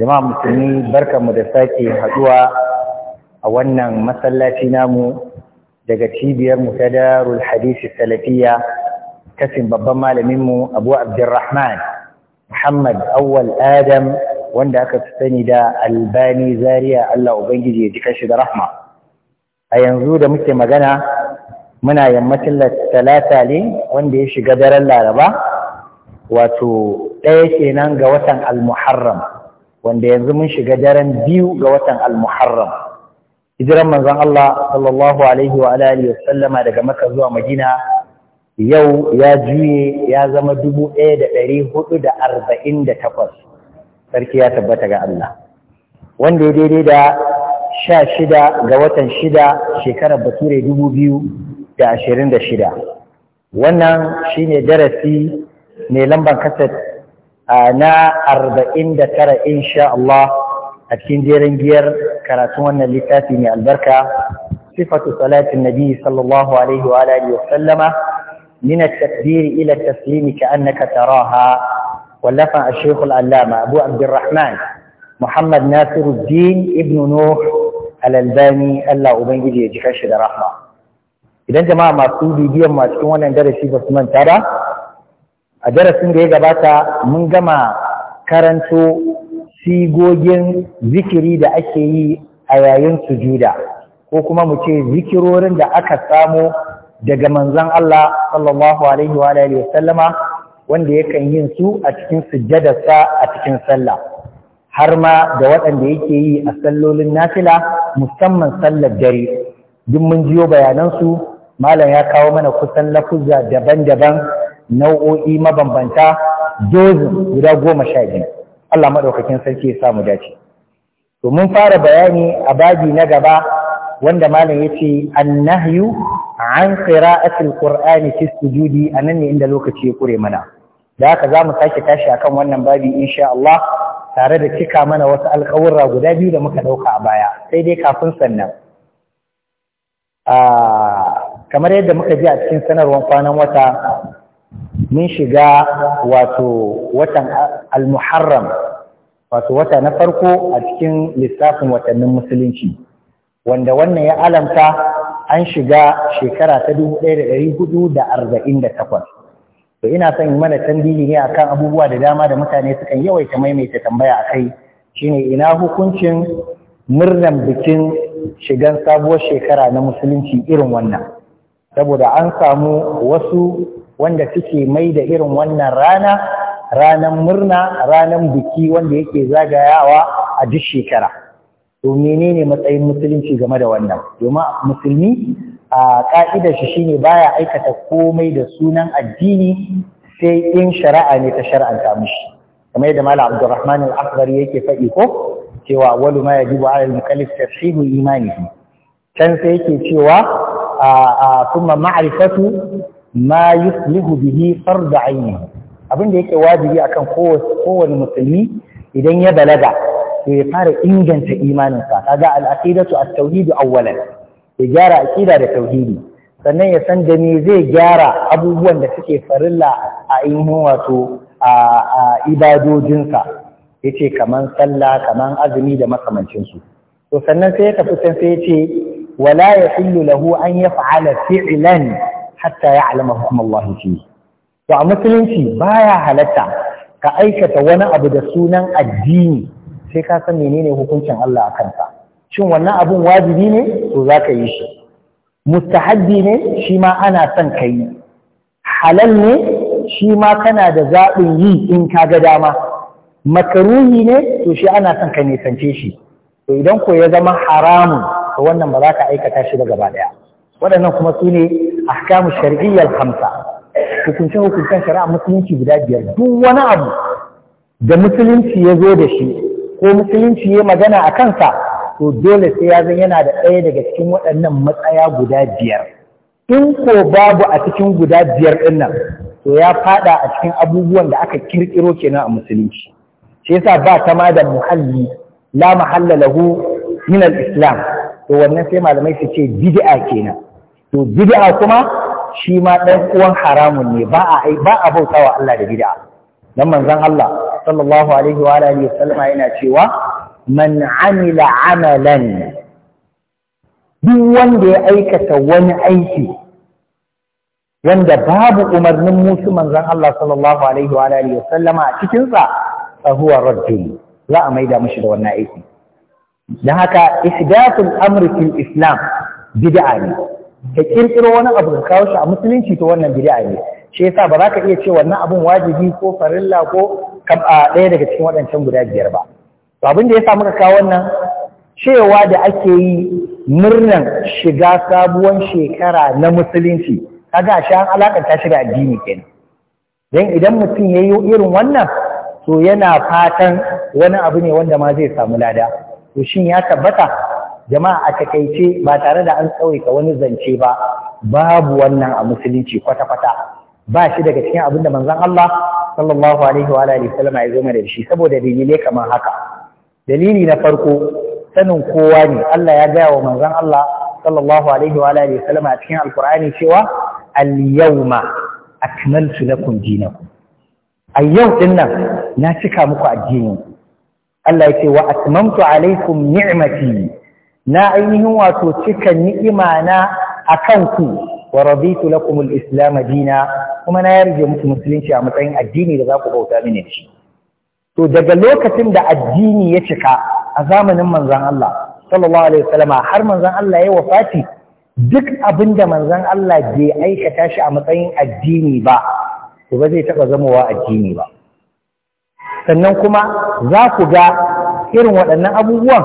jama'a musulmi barkanmu da sake haduwa a wannan masallaci namu daga cibiyar mu ta darul hadisi salafiyya kasin babban malamin mu Abu Abdurrahman Muhammad Awwal Adam wanda aka fi sani da Albani Zaria Allah ubangiji ya ji kashi da rahma a yanzu da muke magana muna yammacin talata ne wanda ya shiga daren Laraba wato ɗaya kenan ga watan Al-Muharram wanda yanzu mun shiga daren biyu ga watan al-muharram hijiran manzon Allah sallallahu alaihi wa alihi wa sallama daga Makka zuwa Madina yau ya juye ya zama 1448 sarki ya tabbata ga Allah wanda ya daidai da 16 ga watan shida shekarar Bature 2026 wannan shine darasi mai lambar kaset na arba'in da tara insha Allah a cikin jerin biyar karatun wannan littafi mai albarka sifatu salatin nabi sallallahu alaihi wa alihi wa sallama min at-takbir ila at-taslim ka'annaka taraha wallafa ash-shaykh al-allama Abu Abdurrahman Muhammad Nasiruddin ibn Nuh al-Albani Allah ubangiji ya jika shi da rahma idan jama'a masu bibiyan masu cikin wannan darasi ba su manta ba a darasin da ya gabata mun gama karanto sigogin zikiri da ake yi a yayin sujuda ko kuma mu ce zikirorin da aka samo daga manzan Allah sallallahu alaihi wa alihi wa sallama wanda yakan yin su a cikin sujjadarsa a cikin sallah har ma da waɗanda yake yi a sallolin nafila musamman sallar dare duk mun jiyo bayanansu malam ya kawo mana kusan lafuzza daban-daban nau'o'i mabambanta dozin guda goma sha biyu Allah maɗaukakin sarki ya samu dace to mun fara bayani a babi na gaba wanda malam ya ce annahyu an qira'atil qur'ani fi sujudi anan ne inda lokaci ya kure mana da haka za mu sake tashi akan wannan babi insha Allah tare da cika mana wasu alƙawurra guda biyu da muka ɗauka a baya sai dai kafin sannan ah, kamar yadda muka ji a cikin sanarwar kwanan wata mun shiga wato watan al-muharram wato wata na farko a cikin lissafin watannin musulunci wanda wannan ya alamta an shiga shekara ta 1448 to ina son mana tambayi ne akan abubuwa da dama da mutane sukan yawaita maimaita tambaya akai shine ina hukuncin murnan bikin shigan sabuwar shekara na musulunci irin wannan saboda an samu wasu wanda suke mai da irin wannan rana ranan murna ranan biki wanda yake zagayawa a duk shekara to menene matsayin musulunci game da wannan domin musulmi a ka'idar shi shine baya aikata komai da sunan addini sai in shari'a ne ta shar'anta mishi kamar yadda malam Abdulrahman al yake faɗi ko cewa walu ma yajibu 'ala al-mukallaf tashihu imanihi can sai yake cewa a kuma ma'rifatu ma yuslihu bihi fardu aini abin da yake wajibi akan kowane musulmi idan ya balaga to ya fara inganta imaninsa kaga al-aqidatu at-tauhid awwalan ya gyara aqida da tauhidi sannan ya san da me zai gyara abubuwan da suke farilla a ainihin wato a ibadojinsa yace kaman sallah kaman azumi da makamancin su to sannan sai ya tafi can sai ya ce wala yahillu lahu an yaf'ala fi'lan hatta ya alama hukum fi to a musulunci baya halatta ka aikata wani abu da sunan addini sai ka san menene hukuncin Allah a kansa shin wannan abun wajibi ne to zaka yi shi mustahabbi ne shi ma ana son ka yi halal ne shi ma kana da zaɓin yi in ka ga dama makaruhi ne to shi ana son ka nisance shi to idan ko ya zama haramun to wannan ba za ka aikata shi ba gaba ɗaya waɗannan kuma su ne ahkamu shar'iyyar hamsa hukunce hukuncen shari'a musulunci guda biyar duk wani abu da musulunci ya zo da shi ko musulunci ya magana a kansa to dole sai ya zan yana da ɗaya daga cikin waɗannan matsaya guda biyar in ko babu a cikin guda biyar ɗin to ya faɗa a cikin abubuwan da aka kirkiro kenan a musulunci shi yasa ba ta ma da muhalli la mahalla lahu min al-islam to wannan sai malamai su ce bid'a kenan to bid'a kuma shi ma ɗan uwan haramun ne ba a ba a bautawa Allah da bid'a dan manzon Allah sallallahu alaihi wa alihi wasallama yana cewa man amila amalan duk wanda ya aikata wani aiki wanda babu umarnin musu manzon Allah sallallahu alaihi wa alihi wasallama a cikin sa fa huwa raddun za a maida mishi da wannan aiki dan haka ihdathul amri fil islam bid'a ne ka kirkiro wani abu ka kawo shi a musulunci to wannan bid'a ne shi yasa ba za ka iya ce wannan abun wajibi ko farilla ko ɗaya daga cikin waɗancan guda biyar ba to abin da yasa muka kawo wannan cewa da ake yi murnan shiga sabuwar shekara na musulunci kaga shi an alakanta shi da addini kenan dan idan mutum ya yi irin wannan to yana fatan wani abu ne wanda ma zai samu lada to shin ya tabbata jama'a a takaice ba tare da an tsawaita wani zance ba babu wannan a musulunci kwata-kwata ba shi daga cikin abin da manzon Allah sallallahu alaihi wa alihi wasallam ya zo da shi saboda dalilai kamar haka dalili na farko sanin kowa ne Allah ya gaya wa manzon Allah sallallahu alaihi wa alihi wasallam a cikin alqur'ani cewa al-yawma akmaltu lakum dinakum a yau din nan na cika muku addini Allah ya ce wa atmamtu alaikum ni'mati na ainihin wato cika ni'ima na akan ku wa raditu lakum al-islam dina kuma na yarje muku musulunci a matsayin addini da za ku bauta mini shi to daga lokacin da addini ya cika a zamanin manzon Allah sallallahu alaihi wasallama har manzon Allah ya wafati duk abin da manzon Allah bai aikata shi a matsayin addini ba to ba zai taba zamowa addini ba sannan kuma za ku ga irin waɗannan abubuwan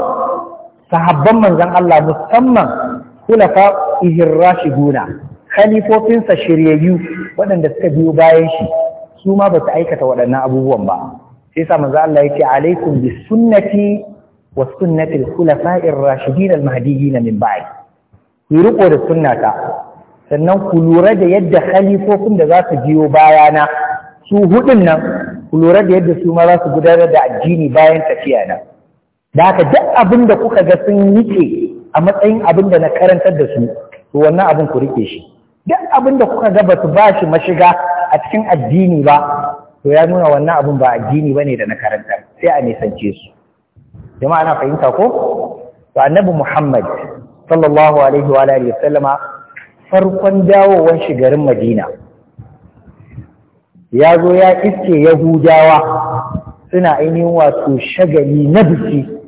sahabban manzan Allah musamman kulafa ihirrashi guna khalifofinsa shiryayyu waɗanda suka biyo bayan shi su ma ba su aikata waɗannan abubuwan ba sai sa manzan Allah ce alaikum bi sunnati wa sunnati al-khulafa'ir rashidin al-mahdiyyin min ba'di ku riko da sunnata sannan ku lura da yadda khalifofin da za su biyo bayana su hudun nan ku lura da yadda su ma za su gudanar da addini bayan tafiya nan da haka duk abin da kuka ga sun yi ke a matsayin abin da na karantar da su wannan abin ku rike shi duk abin da kuka ga ba su ba shi mashiga a cikin addini ba to ya nuna wannan abin ba addini bane da na karantar sai a nisance su jama'a na fahimta ko to annabi Muhammad sallallahu alaihi wa alihi sallama farkon dawowar shi garin Madina ya zo ya iske Yahudawa suna ainihin wato shagali na biki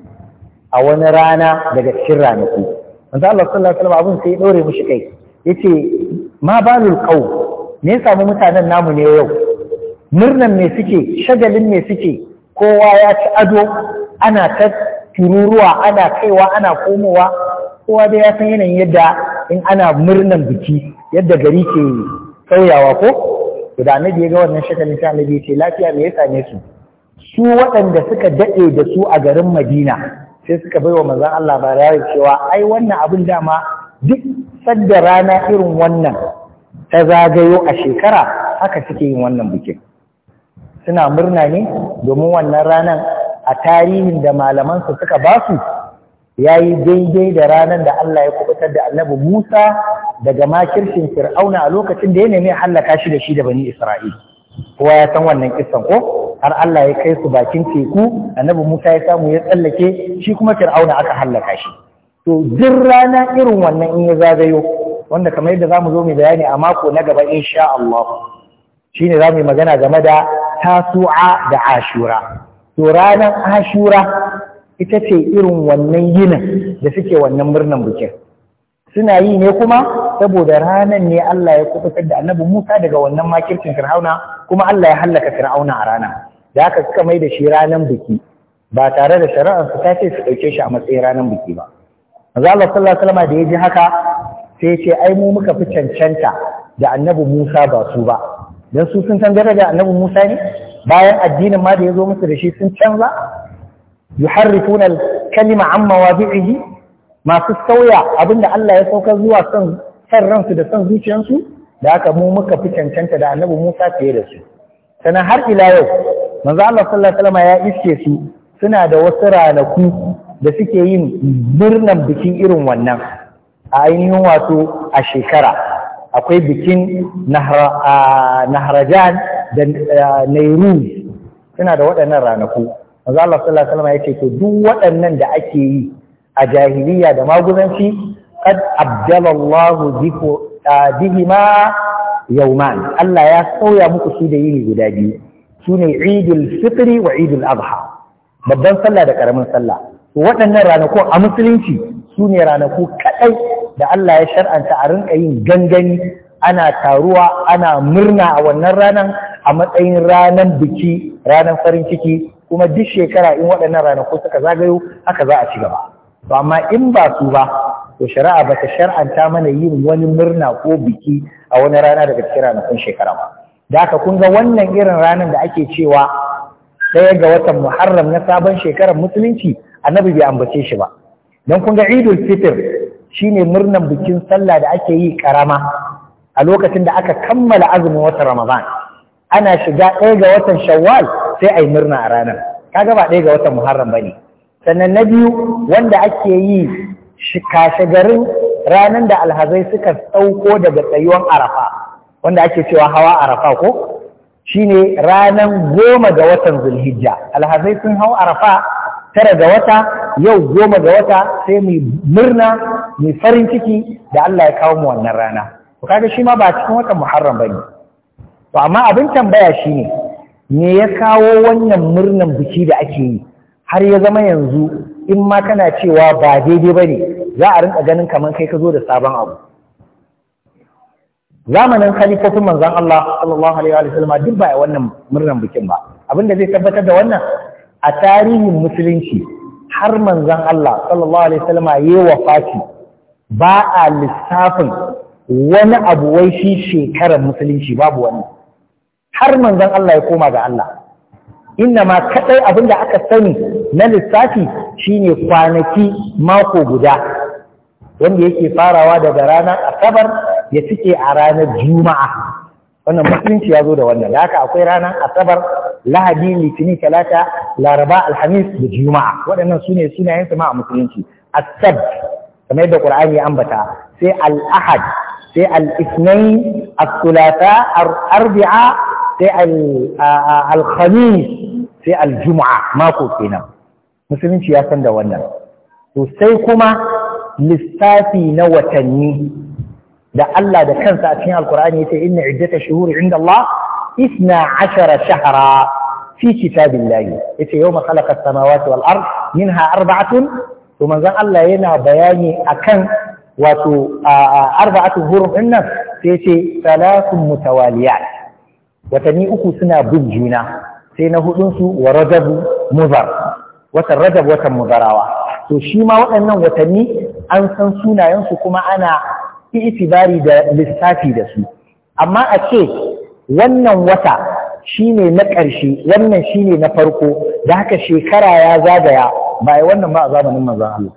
a wani rana daga cikin ranaku Wanda Allah sallallahu alaihi wasallam abin sai ɗore mushi kai yace ma balul "Me ne samu mutanen namu ne yau murnan me suke shagalin me suke kowa ya ci ado ana ta tururuwa ana kaiwa ana komowa kowa dai ya san yanayin yadda in ana murnan biki yadda gari ke sauyawa ko to da annabi ya ga wannan shagalin sai annabi ya ce lafiya me ya same su su waɗanda suka daɗe da su a garin Madina sai suka baiwa manzon Allah labari cewa ai wannan abin dama duk sadda rana irin wannan ta zagayo a shekara haka suke yin wannan bikin suna murna ne domin wannan ranar a tarihin da malamansu suka ba su ya yi daidai da ranar da Allah ya kubutar da annabi Musa daga makircin Fir'auna a lokacin da ya nemi hallaka shi da shi da bani Isra'ila kowa ya san wannan kisan ko har Allah ya kai su bakin teku annabi Musa ya samu ya tsallake shi kuma Fir'auna aka hallaka shi to duk rana irin wannan in ya zagayo wanda kamar yadda zamu zo mu bayani a mako na gaba insha Allah shine zamu yi magana game da tasu'a da ashura to ranan ashura ita ce irin wannan yinin da suke wannan murnan bikin suna yi ne kuma saboda ranan ne Allah ya kusa da annabi Musa daga wannan makircin Fir'auna kuma Allah ya hallaka fir'auna a rana da haka suka mai da shi ranan biki ba tare da shari'ar su ta ce su ɗauke shi a matsayin ranan biki ba maza Allah sallallahu alaihi da ya ji haka sai ce ai mu muka fi cancanta da annabi Musa ba su ba dan su sun san daraja annabi Musa ne bayan addinin ma da ya zo musu da shi sun canza yuharrifuna al-kalima an mawadi'ihi masu sauya abinda Allah ya saukar zuwa son san ransu da son zuciyarsu da aka mu muka fi cancanta da annabi Musa fiye da su sannan har ila yau manzo Allah sallallahu alaihi wasallam ya iske su suna da wasu ranaku da suke yin birnan bikin irin wannan a ainihin wato a shekara akwai bikin nahrajan da nairu suna da waɗannan ranaku manzo Allah sallallahu alaihi wasallam ya ce to duk waɗannan da ake yi a jahiliya da maguzanci qad abdalallahu bihima yawman Allah ya sauya muku su da yini guda biyu ne Idul Fitri wa Idul Adha babban sallah da karamin sallah waɗannan ranaku a musulunci su ne ranaku kaɗai da Allah ya shar'anta a rinka yin gangani ana taruwa ana murna a wannan ranan a matsayin ranan biki ranan farin ciki kuma duk shekara in waɗannan ranaku suka zagayo haka za a ci gaba to amma in ba su ba to shari'a ba ta shar'anta mana yin wani murna ko biki a wani rana daga cikin ranakun shekara ba da haka kun ga wannan irin ranar da ake cewa ɗaya ga watan muharram na sabon shekarar musulunci annabi bai ambace shi ba don kun ga idul fitr shine murnan bikin sallah da ake yi karama a lokacin da aka kammala azumin watan ramadan ana shiga ɗaya ga watan shawwal sai a yi murna a ranar kaga ba ɗaya ga watan muharram ba ne sannan na biyu wanda ake yi kashe garin ranar da alhazai suka tsauko daga tsayuwan arafa wanda ake cewa hawa arafa ko Shi ne ranar goma ga watan zulhijja alhazai sun hau arafa tara ga wata yau goma ga wata sai mu murna mai farin ciki da Allah ya kawo mu wannan rana ko kaga shi ma ba cikin watan muharram bane to amma abin tambaya shi ne. me ya kawo wannan murnan biki da ake yi har ya zama yanzu in ma kana cewa ba daidai bane za a rinka ganin kamar kai ka zo da sabon abu zamanin khalifofin manzon Allah sallallahu alaihi wa sallam duk ba wannan murnan bikin ba abinda zai tabbatar da wannan a tarihin musulunci har manzon Allah sallallahu alaihi wa sallam yayi wafati ba a lissafin wani abu wai shi shekarar musulunci babu wani har manzon Allah ya koma ga Allah innama ma kadai abinda aka sani na lissafi shine kwanaki mako guda wanda yake farawa daga ranar asabar ya cike a ranar juma'a wannan musulunci ya zo da wannan da haka akwai ranar asabar lahadi litinin talata laraba alhamis da juma'a waɗannan su ne sunayen sama a musulunci asab kamar yadda qur'ani ya ambata sai al-ahad sai al-ithnain as thulatha al-arbi'a sai al-khamis sai al-jum'a mako kenan musulunci ya san da wannan to sai kuma lissafi na watanni da Allah da kansa a cikin alkur'ani yace inna iddata shuhuri inda Allah isna ashara shahra fi kitabillahi yace yawma khalaqa as-samawati wal ard minha arba'atun to manzon Allah yana bayani akan wato arba'atu hurum dinnan sai yace salatun mutawaliyat watanni uku suna bin juna sai na hudun su wa rajab muzar watan rajab watan muzarawa to shi ma waɗannan watanni an san sunayensu kuma ana itibari da lissafi da su amma a ce wannan wata shine na ƙarshe wannan shine na farko da haka shekara ya zagaya ba wannan ba a zamanin manzon Allah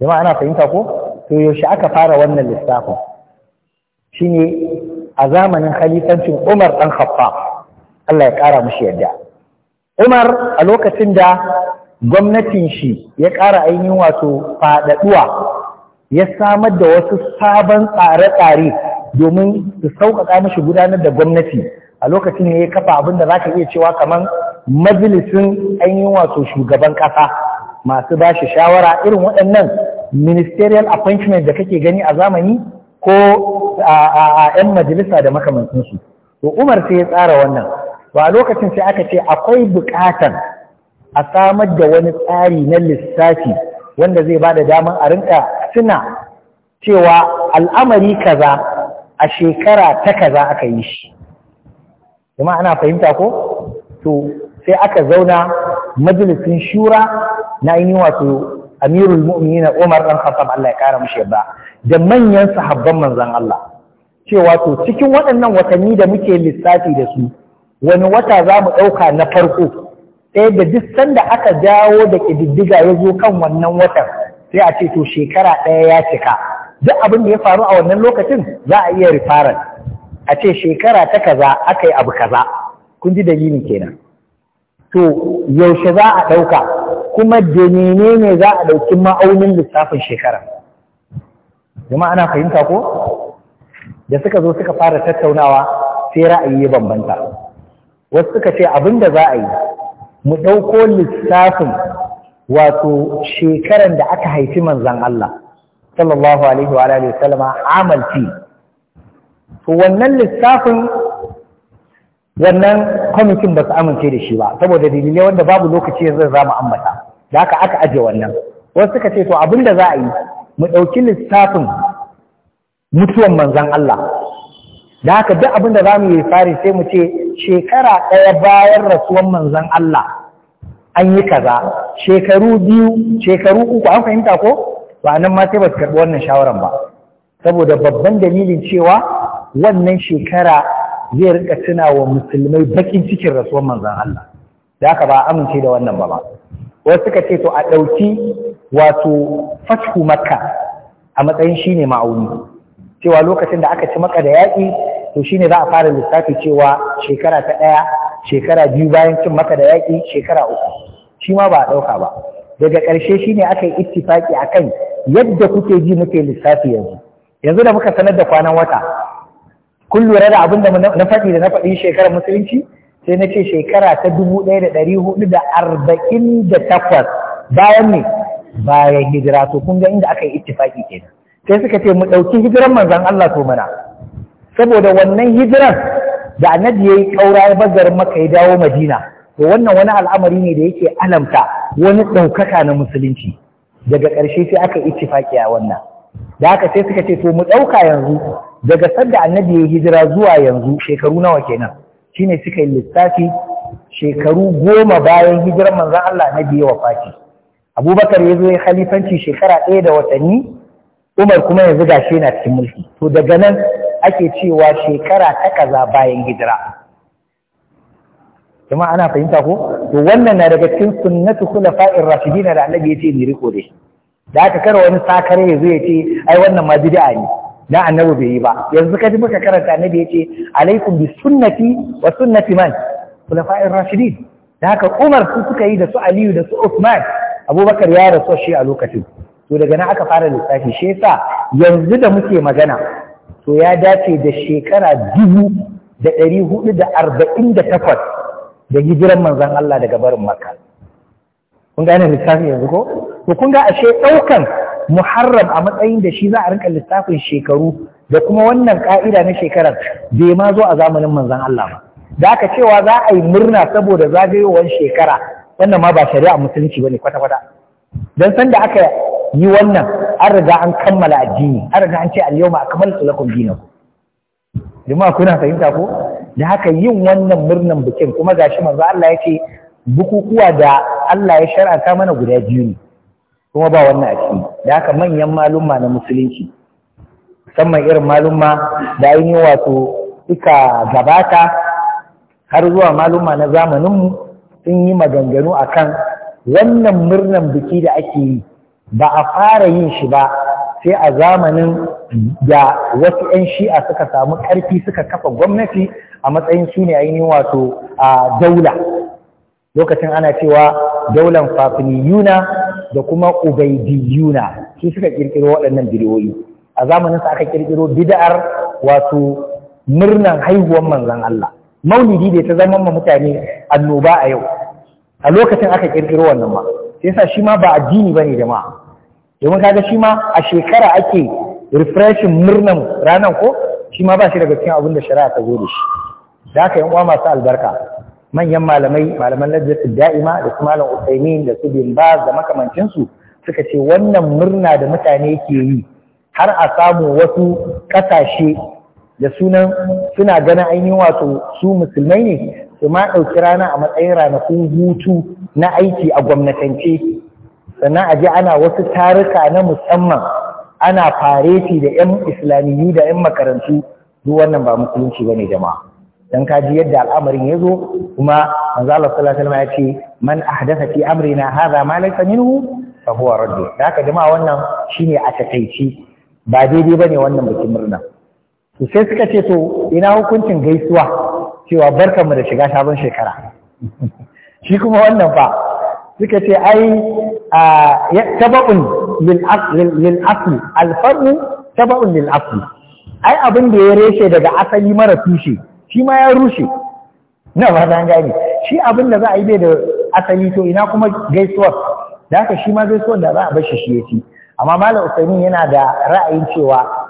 jama'a ana fahimta ko to yaushe aka fara wannan lissafin shine a zamanin khalifancin Umar ɗan Khattab Allah ya ƙara mashi yadda Umar a lokacin da gwamnatin shi ya ƙara ainihin wato faɗaɗuwa ya samar da wasu sabon tsare-tsare domin su sauƙaƙa mashi gudanar da gwamnati a lokacin ya ya kafa abin da za ka iya cewa kamar majalisun ainihin wato shugaban ƙasa masu ba shi shawara irin waɗannan ministerial appointment da kake gani a zamani ko a 'yan majalisa da makamancinsu to umar sai ya tsara wannan ba a lokacin sai aka ce akwai buƙatan a samar da wani tsari na lissafi wanda zai ba da damar a rinka suna cewa al'amari kaza a shekara ta kaza aka yi shi kuma ana fahimta ko to sai aka zauna majalisun shura na yi wato amirul na Umar ɗan Khattab Allah ya kara mishi yadda da manyan sahabban manzan Allah cewa to cikin waɗannan watanni da muke lissafi da su wani wata za mu ɗauka na farko ɗaya da duk sanda aka jawo da ƙididdiga ya zo kan wannan watan sai a ce to shekara ɗaya ya cika duk abin da ya faru a wannan lokacin za a iya rifaran a ce shekara ta kaza aka yi abu kaza kun ji dalili kenan to yaushe za a ɗauka kuma da ne za a ɗauki ma'aunin lissafin shekara jama'a ana fahimta ko da suka zo suka fara tattaunawa sai ra'ayi ya bambanta wasu suka ce abin da za a yi mu ɗauko lissafin wato shekaran da aka haifi manzan Allah sallallahu alaihi wa alihi wasallama amalci to wannan lissafin wannan kwamitin ba su amince da shi ba saboda dalilai wanda babu lokaci zai za mu ambata da haka aka aje wannan wasu suka ce to abin da za a yi mu ɗauki lissafin mutuwan manzan Allah da haka duk abin da za mu yi fari sai mu ce shekara ɗaya bayan rasuwan manzan Allah an yi kaza shekaru biyu shekaru uku an fahimta ko ba nan ma sai ba su karɓi wannan shawaran ba saboda babban dalilin cewa wannan shekara zai rika tuna wa musulmai bakin cikin rasuwan manzan Allah da haka ba amince da wannan ba ba wasu suka ce to a ɗauki wato fatku makka a matsayin shine ma'auni cewa lokacin da aka ci maka da yaƙi to shine za a fara lissafi cewa shekara ta ɗaya shekara biyu bayan cin maka da yaƙi shekara uku shi ma ba a ɗauka ba daga ƙarshe shine aka yi ittifaki akan yadda kuke ji muke lissafi yanzu yanzu da muka sanar da kwanan wata kun lura da abin da na faɗi da na faɗi shekarar musulunci sai na ce shekara ta dubu ɗaya da ɗari huɗu da arba'in da takwas bayan ne bayan hijira to kun ga inda aka yi ittifaki kenan sai suka ce mu ɗauki hijiran manzan Allah to mana saboda wannan hijiran da annabi ya yi ƙaura ya bazar maka ya dawo madina to wannan wani al'amari ne da yake alamta wani ɗaukaka na musulunci daga ƙarshe sai aka ittifaki a wannan da haka sai suka ce to mu ɗauka yanzu daga sanda annabi ya yi hijira zuwa yanzu shekaru nawa kenan shine suka yi lissafi shekaru goma bayan hijirar manzan Allah na biyu wa fati abubakar ya zo ya khalifanci shekara ɗaya da watanni Umar kuma yanzu gashi na cikin mulki to daga nan ake cewa shekara ta kaza bayan hijira Kuma ana fahimta ko to wannan na daga cikin sunnatu khulafa'ir rashidin da annabi yace ni riko dai da aka kara wani sakare yazo ce, ai wannan ma bid'a ne Da annabi bai yi ba yanzu ji muka karanta annabi yace alaikum bi sunnati wa sunnati man khulafa'ir rashidin da haka Umar su suka yi da su Aliyu da su Uthman Abubakar ya rasu shi a lokacin to daga nan aka fara lissafi shi yasa yanzu da muke magana to ya dace da shekara dubu da ɗari hudu da arba'in da takwas da hijiran manzan Allah daga barin Makka kun gane lissafi yanzu ko to kun ga ashe ɗaukan Muharram a matsayin da shi za a rinka lissafin shekaru da kuma wannan ka'ida na shekarar bai ma zo a zamanin manzan Allah ba da aka cewa za a yi murna saboda zagayowar shekara wannan ma ba shari'a musulunci ne kwata-kwata don sanda aka yi wannan an riga an kammala addini an riga an ce al-yawma akmaltu lakum dinakum jama'a kuna fahimta ko da haka yin wannan murnan bikin kuma gashi manzo Allah yake bukukuwa da Allah ya shar'anta mana guda biyu ne kuma ba wannan a ciki da haka manyan malumma na musulunci musamman irin malumma da ainihin wato suka gabata har zuwa malumma na zamaninmu sun yi maganganu akan wannan murnan biki da ake yi ba a fara yin shi ba sai a zamanin da wasu 'yan shi'a suka samu ƙarfi suka kafa gwamnati a matsayin su ne ainihin wato a daula lokacin ana cewa daular yuna da kuma yuna su suka ƙirƙiro waɗannan bidiyoyi a zamanin sa aka ƙirƙiro bida'ar wato murnan haihuwar manzon Allah maulidi da ta zama mutane annoba a yau a lokacin aka ƙirƙiro wannan ma sai sa shi ma ba addini bane jama'a domin kaga shi ma a shekara ake refreshing murnan ranar ko shi ma ba shi daga cikin abin da shari'a ta zo da shi da aka yi uwa masu albarka manyan malamai malaman lajjatu da'ima da su malam usaimin da su bin da makamancinsu suka ce wannan murna da mutane ke yi har a samu wasu ƙasashe da sunan suna ganin ainihin wato su musulmai ne su ma ɗauki rana a matsayin ranakun hutu na aiki a gwamnatance sannan a je ana wasu taruka na musamman ana fareti da 'yan islamiyyu da 'yan makarantu duk wannan ba musulunci bane jama'a dan ji yadda al'amarin ya zo kuma manzo Allah sallallahu alaihi wasallam ya ce man ahdatha fi amrina hadha ma laysa minhu fa huwa radd da haka jama'a wannan shine a takaici ba daidai bane wannan bikin murna to sai suka ce to ina hukuncin gaisuwa cewa barkanmu da shiga sabon shekara shi kuma wannan fa suka ce ai taba'un lil asli taba'un lil asli ai abin da ya rushe daga asali mara tushe shi ma ya rushe na ba ta gani shi abin da za a yi bai da asali to ina kuma gaisuwa da ka shi ma gaisuwar da za a bashi shi yafi amma malam usaimin yana da ra'ayin cewa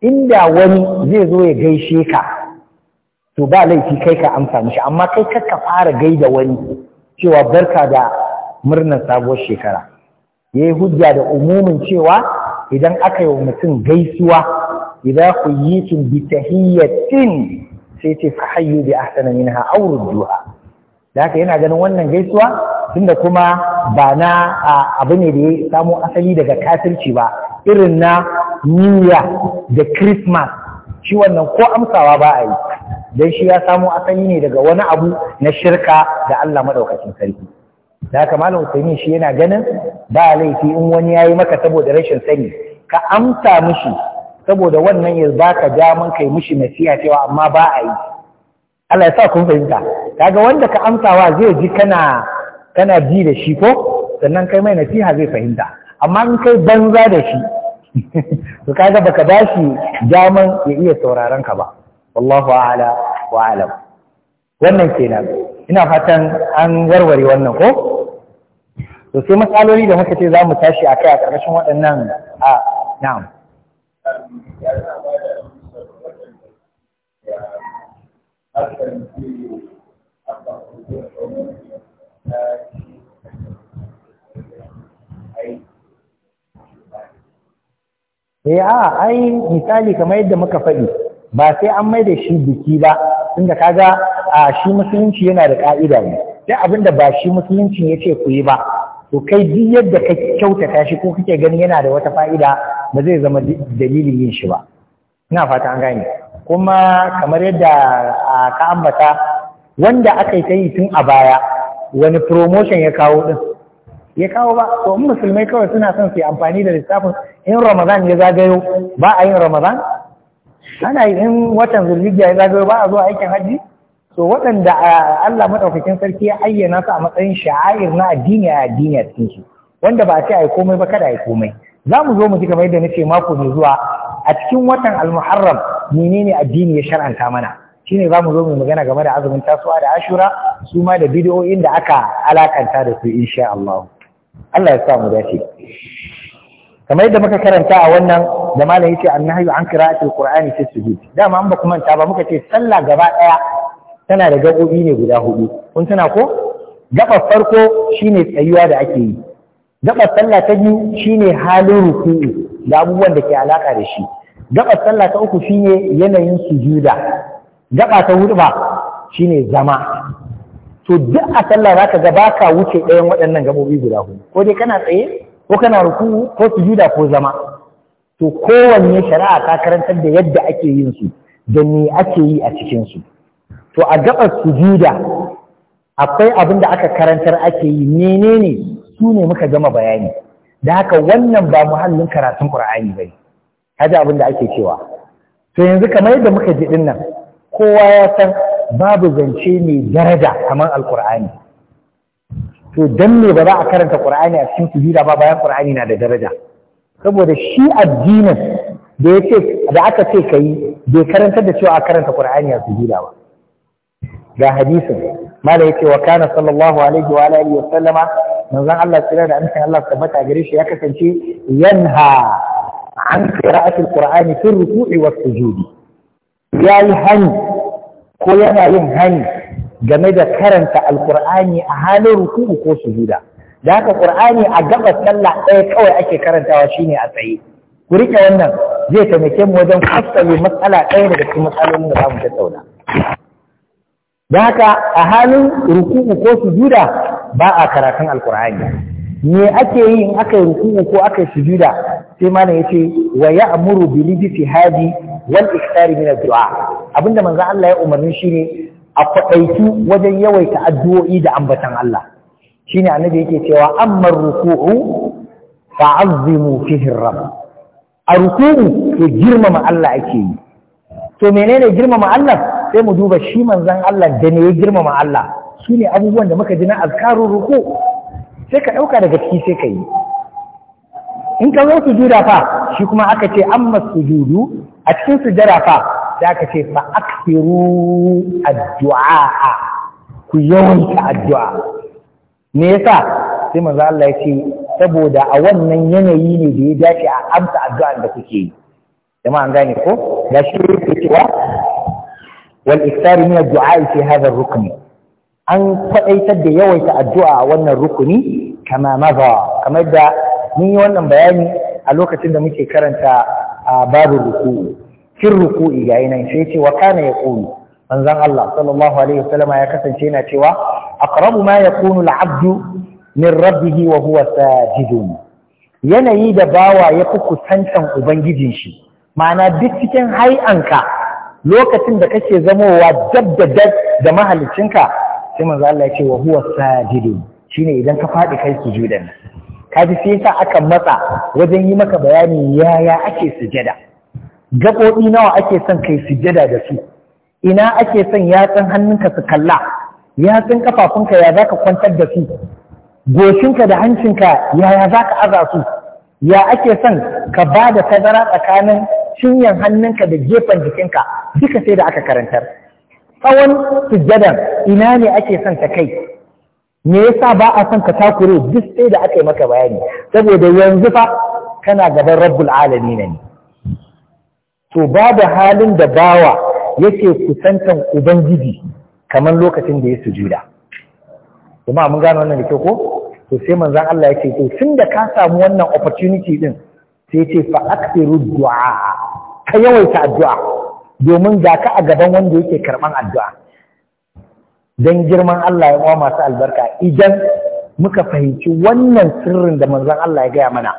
inda wani zai zo ya gaishe ka to ba laifi kai ka amsa mishi amma kai kakka fara gaida wani cewa barka da murnar sabuwar shekara ya yi hujja da umumin cewa idan aka yi wa mutum gaisuwa idan ku yi cin bi tahiyyatin sai ce fa hayyu bi ahsana minha aw rudduha da haka yana ganin wannan gaisuwa tunda kuma ba na abu ne da ya samo asali daga kafirci ba irin na new year da christmas shi wannan ko amsawa ba a yi don shi ya samo asali ne daga wani abu na shirka da Allah maɗaukacin sarki da haka malam Usaimin shi yana ganin ba laifi in wani ya yi maka saboda rashin sani ka amsa mishi saboda wannan ya baka daman kai mishi nasiha cewa amma ba a yi Allah ya sa kun fahimta kaga wanda ka amsawa zai ji kana kana ji da shi ko sannan kai mai nasiha zai fahimta amma in kai banza da shi to kaga baka bashi daman ya iya sauraron ka ba wallahu a'ala wa a'lam wannan kenan ina fatan an warware wannan ko to sai matsaloli da muka ce za mu tashi a kai a ƙarƙashin waɗannan a na'am Eh a ai misali kamar yadda muka faɗi ba sai an mai da shi biki ba tunda kaga a shi musulunci yana da ka'ida ne sai abinda ba shi musulunci ya ce ku yi ba to kai duk yadda ka kyautata shi ko kake gani yana da wata fa'ida ba zai zama dalilin yin shi ba ina fata an gane kuma kamar yadda ka ambata wanda aka yi ta yi tun a baya wani promotion ya kawo din ya kawo ba to in musulmai kawai suna son su yi amfani da littafin in ramadan ya zagayo ba a yin ramadan ana yi in watan zulhijja ya zagayo ba a zuwa aikin hajji so waɗanda Allah maɗaukakin sarki ya ayyana su a matsayin sha'air na addini a addini a cikin wanda ba a ce ai komai ba kada yi komai za mu zo mu ji kamar yadda ce mako mai zuwa a cikin watan al-muharram menene addini ya shar'anta mana shine za mu zo mu magana game da azumin tasuwa da ashura su ma da bidiyoyin da aka alakanta da su insha Allah Allah ya sa mu dace kamar yadda muka karanta a wannan da malam yace annahyu an qira'atil qur'ani fi sujud dama an ba kuma ta ba muka ce sallah gaba daya tana da gaɓoɓi ne guda hudu kun tana ko gaɓar farko shine tsayuwa da ake yi gaɓar sallah ta biyu shine halin ruku'u da abubuwan da ke alaka da shi gaɓar sallah ta uku shine yanayin sujuda gaɓa ta hudu ba shine zama to duk a sallah zaka ga baka wuce ɗayan waɗannan gaɓoɓi guda hudu ko dai kana tsaye ko kana ruku'u ko sujuda ko zama to kowanne shari'a ta karantar da yadda ake yin su da me ake yi a cikin su to a gabar sujuda akwai abin da aka karantar ake yi menene su ne muka gama bayani da haka wannan ba muhallin karatun qur'ani bai? kaji abin da ake cewa to yanzu kamar yadda muka ji din nan kowa ya san babu zance mai daraja kamar alqur'ani to dan me ba za a karanta qur'ani a cikin sujuda ba bayan qur'ani na da daraja saboda shi addinin da aka ce ka yi bai karantar da cewa a karanta ƙur'ani a sujuda ba ga hadisin mala yake wa kana sallallahu alaihi wa alihi wa sallama manzon Allah tsira da amincin Allah tabbata gare shi ya kasance yanha an qira'atul qur'ani fi ruku'i was Ya yayi hani ko yana yin hani game da karanta alqur'ani a halin ruku'u ko sujuda da haka qur'ani a gaba sallah ɗaya kawai ake karantawa shine a tsaye ku rike wannan zai taimake mu wajen fassale matsala ɗaya daga cikin matsalolin da za mu tattauna da haka a halin ruku'u ko sujuda ba a karatun alkur'ani me ake yi in aka yi ruku'u ko aka yi sujuda sai malam yace wa amuru bil ijtihadi wal wani min ad-du'a abinda manzon Allah ya umarni shine a kwadaitu wajen yawaita addu'o'i da ambatan Allah shine annabi yake cewa amma ruku'u fa'azzimu fihi rabb a ruku'u to girmama Allah ake yi to menene girmama Allah sai mu duba shi manzan Allah da ne ya girmama Allah su ne abubuwan da muka ji na azkarun ruku sai ka ɗauka daga ciki sai ka yi in ka zo juda fa shi kuma aka ce amma sujudu a cikin jara fa sai aka ce fa aksiru addu'a ku yawaita addu'a me yasa sai manzan Allah ya ce saboda a wannan yanayi ne da ya dace a amsa addu'a da kuke yi jama'a an gane ko ne ke cewa والإكثار من الدعاء في هذا الركن أن فأيتد يويت الدعاء وأن الركن كما مضى كما يبدأ من وأن بياني الوقت عندما يكي كرنت باب الركوع في الركوع جاينا شيء وكان يقول من ذن الله صلى الله عليه وسلم يا كسن شينا شوى أقرب ما يكون العبد من ربه وهو ساجد yanayi da bawa ya fi kusantan Ubangijin shi, ma'ana duk cikin hai'anka lokacin da kake zamowa dab da dab da mahalicinka sai manzo Allah ya ce wa huwa sajidun shine idan ka faɗi kai sujudan kaji sai yasa aka matsa wajen yi maka bayani yaya ake sujada gabobi nawa ake son kai sujada da su ina ake son yatsun hannunka su kalla yatsun kafafunka ya zaka kwantar da su goshinka da hancinka yaya zaka aza su ya ake son ka ba da tazara tsakanin cinyan hannunka da gefen jikinka duka sai da aka karantar tsawon sujjadan ina ne ake son ta kai me yasa ba a son ka takure duk sai da aka yi maka bayani saboda yanzu fa kana gaban rabbul na ne to da halin da bawa yake kusantan ubangiji kamar lokacin da ya sujuda kuma mun gano wannan da kyau ko to sai manzan Allah ya ce to da ka samu wannan opportunity din sai ce fa aktiru du'a ka yawaita addu'a domin ga ka a gaban wanda yake karban addu'a dan girman Allah ya wa masu albarka idan muka fahimci wannan sirrin da manzan Allah ya gaya mana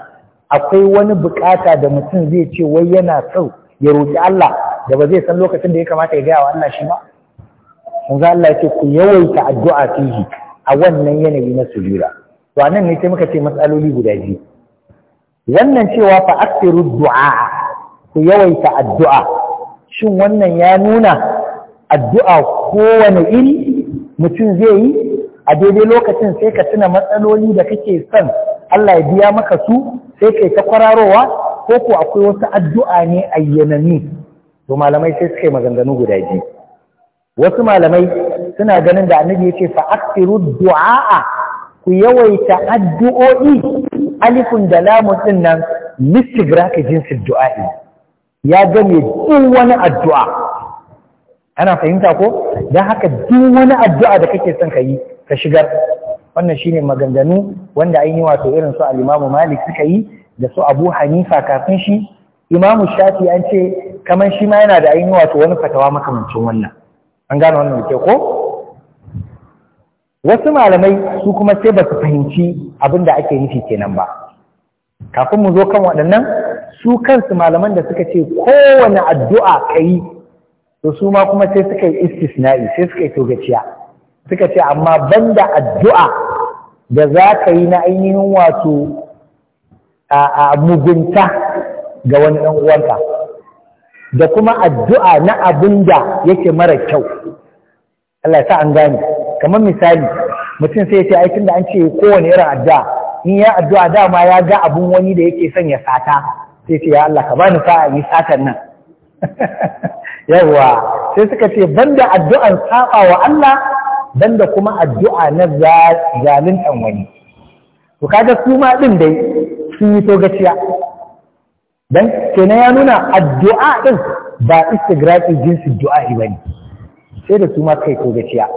akwai wani bukata da mutum zai ce wai yana so ya roƙi Allah da ba zai san lokacin da ya kamata ya gaya wa Allah shi ba manzan Allah ya ce ku yawaita addu'a fihi a wannan yanayi na sujura to nan ne sai muka ce matsaloli guda biyu wannan cewa fa aksiru du'a ku yawaita addu'a shin wannan ya nuna addu'a kowane iri mutum zai yi a daidai lokacin sai ka tuna matsaloli da kake son Allah ya biya maka su sai kai ta kwararowa ko ko akwai wasu addu'a ne ayyanani to malamai sai suka yi maganganu guda biyu wasu malamai suna ganin da annabi ya ce fa aksiru du'a ku yawaita addu'o'i alifun da lamun ɗin nan listigraka jinsin du'a'i ya gane duk wani addu'a ana fahimta ko don haka duk wani addu'a da kake son ka yi ka shigar wannan shine maganganu wanda yi wato irin su alimamu malik suka yi da su abu hanifa kafin shi imamu shafi an ce kamar shi ma yana da ainihin wato wani fatawa makamancin wannan an gane wannan da ke ko wasu malamai su kuma sai ba su fahimci abin da ake nufi kenan ba kafin mu zo kan waɗannan su kansu malaman da suka ce kowane addu'a ka yi to su ma kuma sai suka yi istisna'i sai suka yi togaciya suka ce amma banda addu'a da za ka yi na ainihin wato a mugunta ga wani ɗan uwanka da kuma addu'a na abin da yake mara kyau Allah ya sa an gane kamar misali mutum sai ya ce aikin da an ce kowane irin addu'a in ya addu'a dama ya ga abun wani da yake son ya sata sai ce ya Allah ka bani sa'a yi satan nan yawa sai suka ce banda addu'an saba wa Allah banda kuma addu'a na dan wani to kaga su ma din dai sun yi to gaciya dan kenan ya nuna addu'a din ba istigraqi jinsi du'a bane sai da su ma kai to gaciya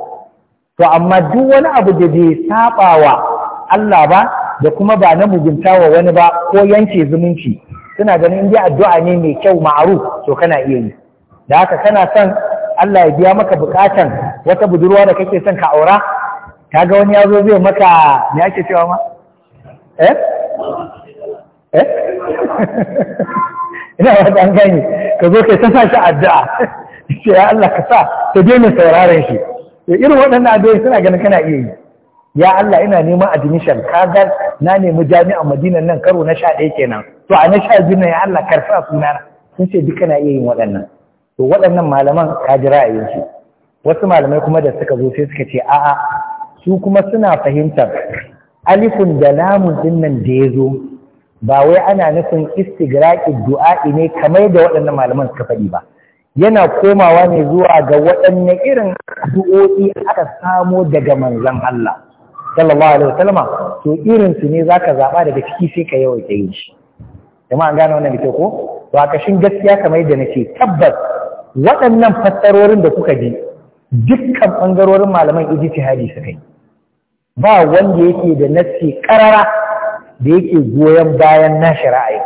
to amma duk wani abu da bai saba wa Allah ba da kuma ba na mugunta wa wani ba ko yanke zumunci suna ganin indiya addu'a ne mai kyau ma'aru, to kana iya yi da haka kana son Allah ya biya maka bukatan wata budurwa da kake son ka aura ga wani ya zai maka me ake cewa ma eh eh ina wata an gani ka zo kai sa shi addu'a sai Allah ka sa ta daina sauraron shi To irin waɗannan addu'o'i suna ganin kana iya yi ya Allah ina neman admission ga na nemi jami'an Madinan nan karo na sha ɗaya kenan to a na sha biyu ya Allah karfa sunana sun ce duka na iya yin waɗannan to waɗannan malaman ka ji ra'ayinsu wasu malamai kuma da suka zo sai suka ce a'a su kuma suna fahimtar alifun da lamun din nan da ya zo ba wai ana nufin istigraqi du'a'i ne kamar da waɗannan malaman suka faɗi ba yana komawa ne zuwa ga waɗanne irin addu'o'i aka samo daga manzan Allah sallallahu alaihi to irin su ne zaka zaba daga ciki sai ka yawaita yin shi jama'a gane wannan da ko to gaskiya kamar yadda nace tabbas waɗannan fassarorin da kuka ji dukkan bangarorin malaman ijtihadi suka yi ba wanda yake da nassi karara da yake goyon bayan nashi ra'ayi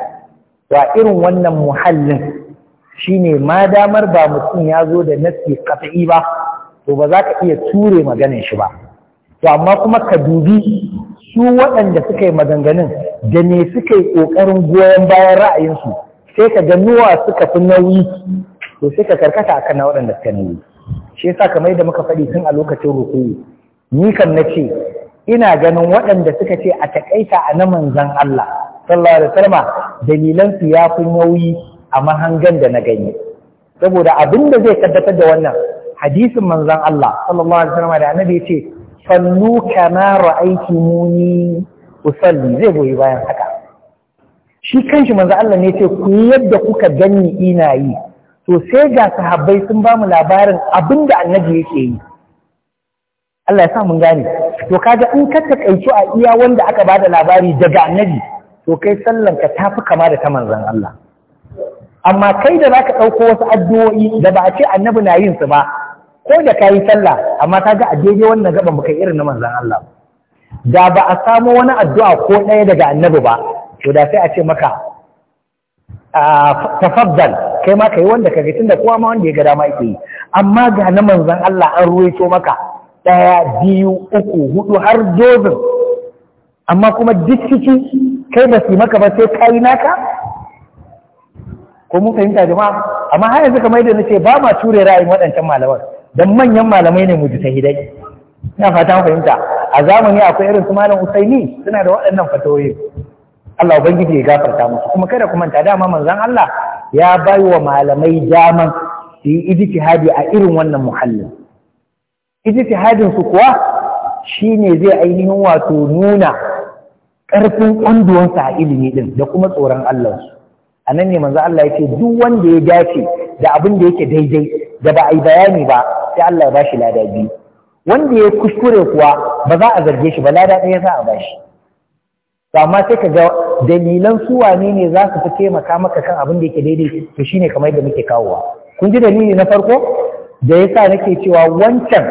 wa irin wannan muhallin shine ma damar ba mutum ya zo da nasi kafa'i ba to ba za ka iya ture maganin shi ba to amma kuma ka dubi su waɗanda suka yi maganganun da ne suka yi ƙoƙarin goyon bayan ra'ayinsu sai ka ga nuwa suka fi nauyi to sai ka karkata akan na waɗanda suka nauyi shi yasa kamar da muka faɗi tun a lokacin rukuyi ni kan na ce ina ganin waɗanda suka ce a taƙaita a na manzan Allah sallallahu alaihi wasallam dalilan su ya fi nauyi a mahangan da na gani saboda abinda zai tabbatar da wannan hadisin manzon Allah sallallahu alaihi wasallam da annabi ya ce sallu kama ra'aiti muni usalli zai goyi bayan haka shi kanshi manzon Allah ne ce ku yadda kuka ganni ina yi to sai ga sahabbai sun ba mu labarin abin da annabi yake yi Allah ya sa mun gane to kaga in ka takaici a iya wanda aka bada labari daga annabi to kai sallanka tafi kama da ta manzon Allah amma kai da zaka ɗauko wasu addu'o'i da ba a ce annabi na yin su ba ko da kayi sallah amma ta ga a daidai wannan gaban baka irin na manzon Allah da ba a samu wani addu'a ko ɗaya daga annabi ba to da sai a ce maka tafaddal kai ma kai wanda kaga tunda kowa ma wanda ya ga dama yake yi amma ga na manzon Allah an ruwaito maka ɗaya biyu uku hudu har dozin amma kuma duk kai ba su maka ba sai kayi naka ko mu fahimta jama'a amma har yanzu kamar yadda nace ba ma ture ra'ayin waɗancan malaman dan manyan malamai ne hidai. ina fata mun fahimta a zamani akwai irin su malam Usaini suna da waɗannan fatoyi Allah ubangiji ya gafarta musu kuma kada ku manta dama manzon Allah ya bai wa malamai daman su yi ijtihadi a irin wannan muhallin ijtihadin su kuwa shine zai ainihin wato nuna ƙarfin ƙunduwansa a ilimi ɗin da kuma tsoron Allah su a nan ne manzo Allah ya ce duk wanda ya dace da abin da yake daidai da ba a yi bayani ba sai Allah ya bashi lada biyu wanda ya kuskure kuwa ba za a zarge shi ba lada ɗaya za a bashi to amma sai ka ga dalilan su wane ne za su fi taimaka maka kan abin da yake daidai to shine kamar yadda muke kawowa kun ji dalili na farko da yasa nake cewa wancan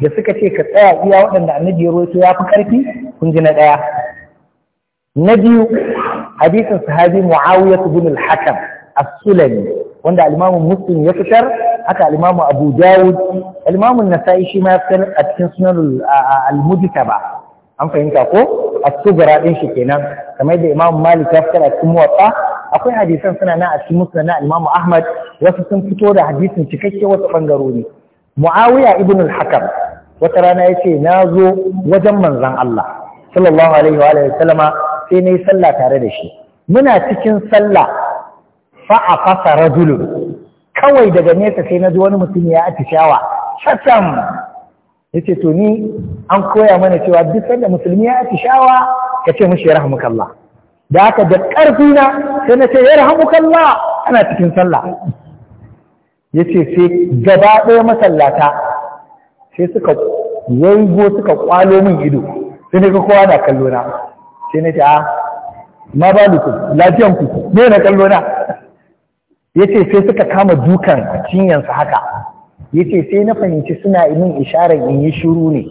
da suka ce ka tsaya iya waɗanda annabi ya rawaito ya fi ƙarfi kun ji na ɗaya na biyu hadisin sahabi muawiyah ibn al-hakam as-sulami wanda al-imam ya fitar haka al-imam abu dawud al nasai shi ya fitar a cikin sunan al-mujtaba an fahimta ko as-sugra din shi kenan kamar da imam malik ya fitar a akwai hadisan suna na a cikin musnad na imam ahmad wasu sun fito da hadisin cikakke wasu bangarori muawiya ibn al-hakam wata rana yace na zo wajen manzon Allah sallallahu alaihi wa sallama sai na yi sallah tare da shi muna cikin sallah fa'a fasa kawai daga nesa sai na ji wani mutum ya atishawa shatan ya ce to ni an koya mana cewa duk sanda musulmi ya atishawa ka ce mashi ya rahamukallah da haka da ƙarfi na sai na ce ya kalla? ana cikin sallah ya ce sai gaba ɗaya masallata sai suka yaigo suka kwalo min ido sai ne ga kowa ana kallo na sai na ce a ah, ma ba lafiyan ku me na kallo na Yace sai suka kama dukan cinyansa haka Yace sai na fahimci suna min isharar in yi shuru ne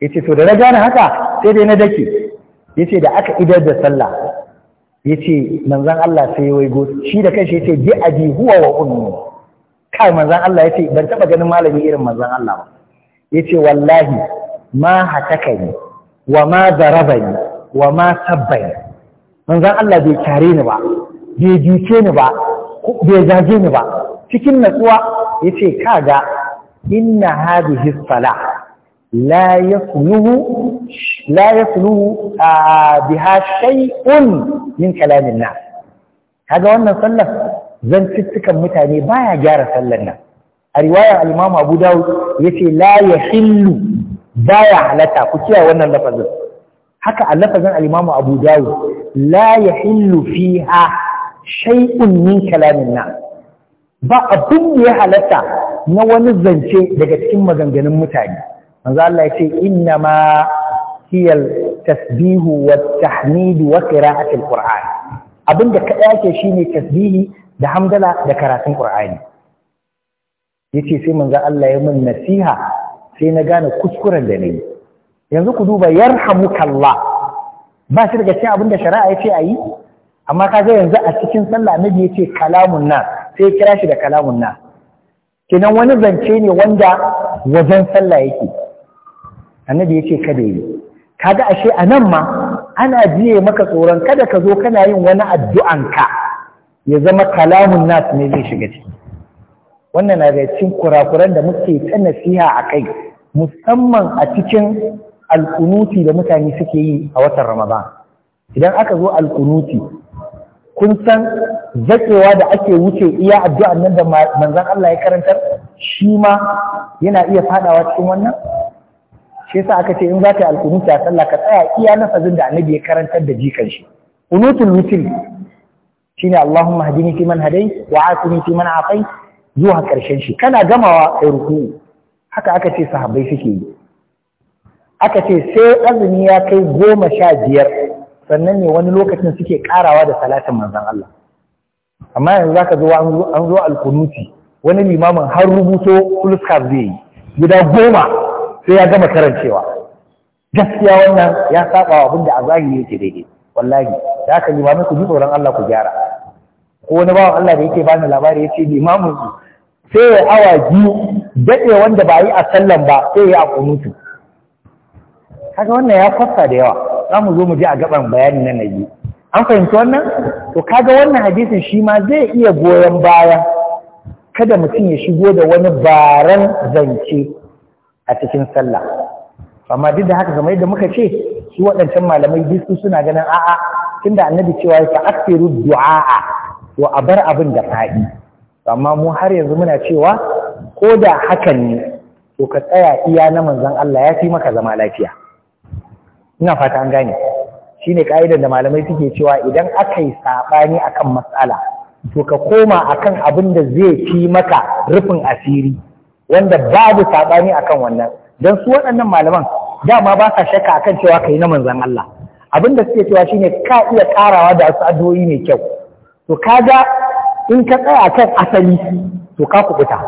Yace ce to da na gane haka sai dai na dake Yace da aka idar da sallah yace ce manzan Allah sai ya waigo shi da kanshi yace ce bi abi huwa wa ummi kai manzan Allah Yace ban taba ganin malami irin manzan Allah ba Yace wallahi ma hataka ni wa ma zarabani wa ma sabbai manzan Allah bai kyare ni ba bai duke ni ba bai zage ni ba cikin natsuwa yace kaga inna hadhihi salah la ya la biha shay'un min kalamin na. kaga wannan sallar zan cittukan mutane baya gyara sallar nan a riwayar al-Imam Abu Dawud yace la hillu baya halata ku kiyaye wannan lafazin haka a lafazin al abu dawud la yahillu fiha shai'un min kalamin na ba abin da ya halatta na wani zance daga cikin maganganun mutane manzo Allah ya ce inna ma hiyal tasbihu wa tahmidu wa qira'ati al abinda kada yake shine tasbihi da hamdala da karatun qur'ani yace sai manzo Allah ya min nasiha sai na gane kuskuren da nayi yanzu ku duba yarhamukallah ba shi daga cikin abinda shari'a ya ce a yi amma ka ga yanzu a cikin sallah annabi ya ce kalamun na sai ya kira shi da kalamun na kenan wani zance ne wanda wajen sallah yake annabi ya ce kada yi kaga ashe a nan ma ana jiye maka tsoron kada ka zo kana yin wani addu'an ka. ya zama kalamun nas ne zai shiga ciki wannan na da cikin kurakuran da muke ta nasiha a kai musamman a cikin alƙunuti da mutane suke yi a watan Ramadan. Idan aka zo alƙunuti, kun san zaƙewa da ake wuce iya addu'an nan da manzan Allah ya karantar shi ma yana iya faɗawa cikin wannan? Shi yasa aka ce in za ka yi alƙunuti a sallah ka tsaya iya lafazin da annabi ya karantar da jikan shi. Ƙunutul mutum shi ne Allahumma hadini fi man hadai wa asini fi man afai zuwa ƙarshen shi. Kana gamawa kai ruku. Haka aka ce sahabbai suke yi. aka ce sai azumi ya kai goma sha biyar sannan ne wani lokacin suke karawa da salatin manzan Allah amma yanzu za ka zo an zo alkunuti wani limamin har rubuto fuluskar zai yi Guda goma sai ya gama karancewa gaskiya wannan ya saba wa abinda a zahiri yake daidai wallahi da aka limamin ku ji tsoron Allah ku gyara ko wani bawan Allah da yake bani labari ya ce limamin ku. sai ya awa biyu daɗe wanda ba yi a sallan ba sai ya a kunutu kaga wannan ya kwasa da yawa za mu zo mu je a gaban bayanin na nabi an fahimci wannan to kaga wannan hadisin shi ma zai iya goyon baya kada mutum ya shigo da wani baran zance a cikin sallah amma duk da haka kamar yadda muka ce su waɗancan malamai su suna ganin a'a tun da annabi cewa ya ta'affiru du'a to a bar abin da faɗi amma mu har yanzu muna cewa ko da hakan ne to ka tsaya iya na manzon Allah ya fi maka zama lafiya ina fata an gane Shi ne ka'idar da malamai suke cewa idan aka yi saɓani a kan matsala to ka koma akan abin da zai fi maka rufin asiri wanda babu saɓani a kan wannan don su waɗannan malaman dama ba sa shakka akan cewa ka yi na manzan Allah abin da suke cewa shi ne ka iya karawa da wasu addu'o'i mai kyau to ga in ka tsaya kan asali to ka kubuta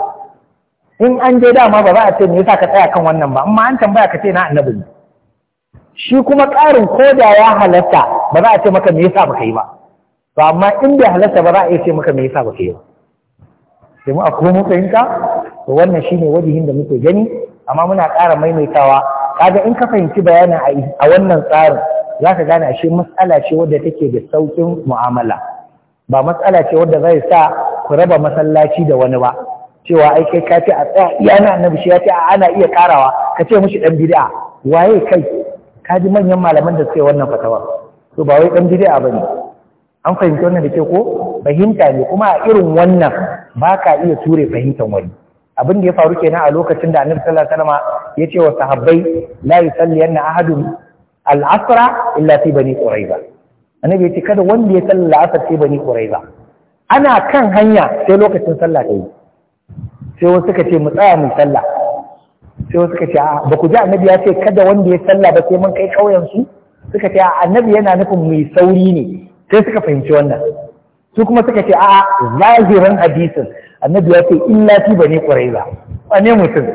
in an je dama ba za a ce me yasa ka tsaya kan wannan ba amma an tambaya ka ce na annabi ne shi kuma ƙarin koda ya halatta ba za a ce maka me yasa baka yi ba to amma in bai halatta ba za a ce maka me yasa baka yi ba sai mu a kuma mun fahimta to wannan shine wajihin da muke gani amma muna ƙara maimaitawa kaga in ka fahimci bayanin a wannan tsarin za ka gane ashe matsala ce wadda take da saukin mu'amala ba matsala ce wadda zai sa ku raba masallaci da wani ba cewa ai kai ka ce a tsaya iya na annabi shi ya ce a ana iya karawa ka ce mishi dan bid'a waye kai Ka ji manyan malaman da suke wannan fatawa to ba wai dan a bane an fahimci wannan da ke ko fahimta ne kuma a irin wannan ba ka iya ture fahimtar wani abin da ya faru kenan a lokacin da annabi sallallahu alaihi wasallam ya ce wa sahabbai la anna ahadun al-asra illa fi bani quraiza annabi ya ce kada wanda ya salla al-asr fi bani quraiza ana kan hanya sai lokacin sallah ta yi sai wasu suka ce mu tsaya mu sallah sai wasu suka ce a ba ku ji annabi ya ce kada wanda ya salla ba sai mun kai ƙauyen su suka ce a annabi yana nufin mai sauri ne sai suka fahimci wannan su kuma suka ce a zahirin hadisin annabi ya ce illa fi bane quraiza ne mutum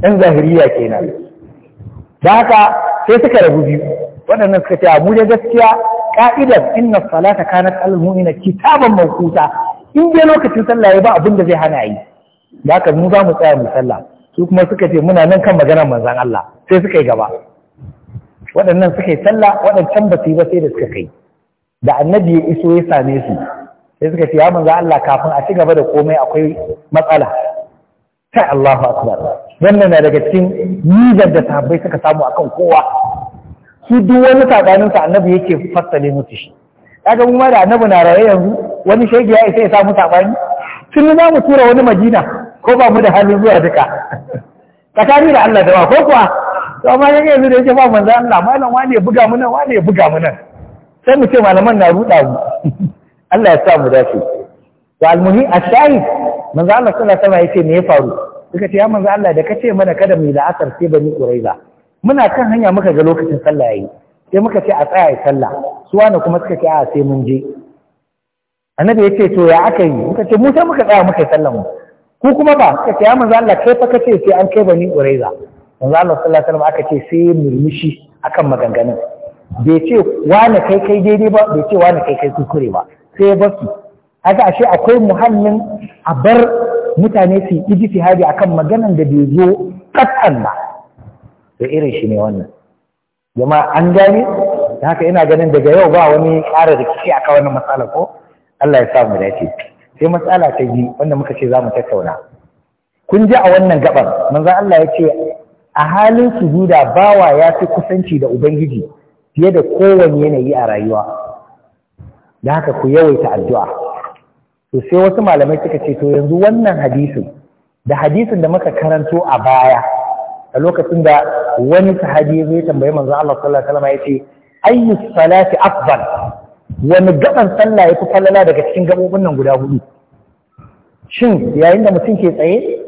dan zahiriya kenan da haka sai suka rabu biyu waɗannan suka ce a mu da gaskiya ka'idar inna salata kana al mu'mina kitaban mawquta in dai lokacin sallah ya ba abin da zai hana yi da haka mu za mu tsaya mu sallah su kuma suka ce muna nan kan maganar manzan Allah sai suka yi gaba waɗannan suka yi sallah waɗancan ba su yi ba sai da suka kai da annabi ya iso ya same su sai suka ce ya manzan Allah kafin a ci gaba da komai akwai matsala sai Allahu akbar wannan na daga cikin nizar da sahabbai suka samu akan kowa su duk wani sabanin sa annabi yake fassale musu shi kaga mu ma da annabi na raye yanzu wani shege ya isa ya samu sabani tun za mu tura wani madina ko ba mu da halin zuwa duka tsakani da Allah da ba ko kuwa to amma yake yanzu da yake ba manzo Allah malam wani ya buga mu nan wani ya buga mu nan sai mu ce malaman na ruda mu Allah ya sa mu dace to almuhi ashahid manzo Allah sallallahu alaihi wasallam yace me ya faru suka ce ya manzo Allah da kace mana kada mu yi la'asar sai bani quraiza muna kan hanya muka ga lokacin sallah yayi sai muka ce a tsaya sallah su wani kuma suka ce a sai mun je annabi yace to ya aka yi muka ce mu sai muka tsaya muka yi sallah mu ku kuma ba suka ce ya manzo Allah kai fa kace sai an kai bani Uraiza manzo Allah sallallahu alaihi wasallam aka ce sai murmushi akan maganganun bai ce wani kai kai daidai ba bai ce wani kai kai kukure ba sai ya basu haka ashe akwai muhallin a bar mutane su yi ijtihadi akan maganan da bai zo kakan ba to irin shi ne wannan jama an gane haka ina ganin daga yau ba wani ƙara rikici a wannan matsala ko Allah ya samu dace sai matsala ta yi. wanda muka ce za mu tattauna kun ji a wannan gabar manzan Allah ya ce a halin sujuda bawa ya fi kusanci da ubangiji fiye da kowane yanayi a rayuwa da haka ku yawaita addu'a to sai wasu malamai suka ce to yanzu wannan hadisin da hadisin da muka karanto a baya a lokacin da wani sahabi ya zo ya tambayi manzon Allah sallallahu alaihi wasallam ya ce ayyus salati afdal wani gaban sallah ya fi falala daga cikin gabobin nan guda hudu shin yayin da mutum ke tsaye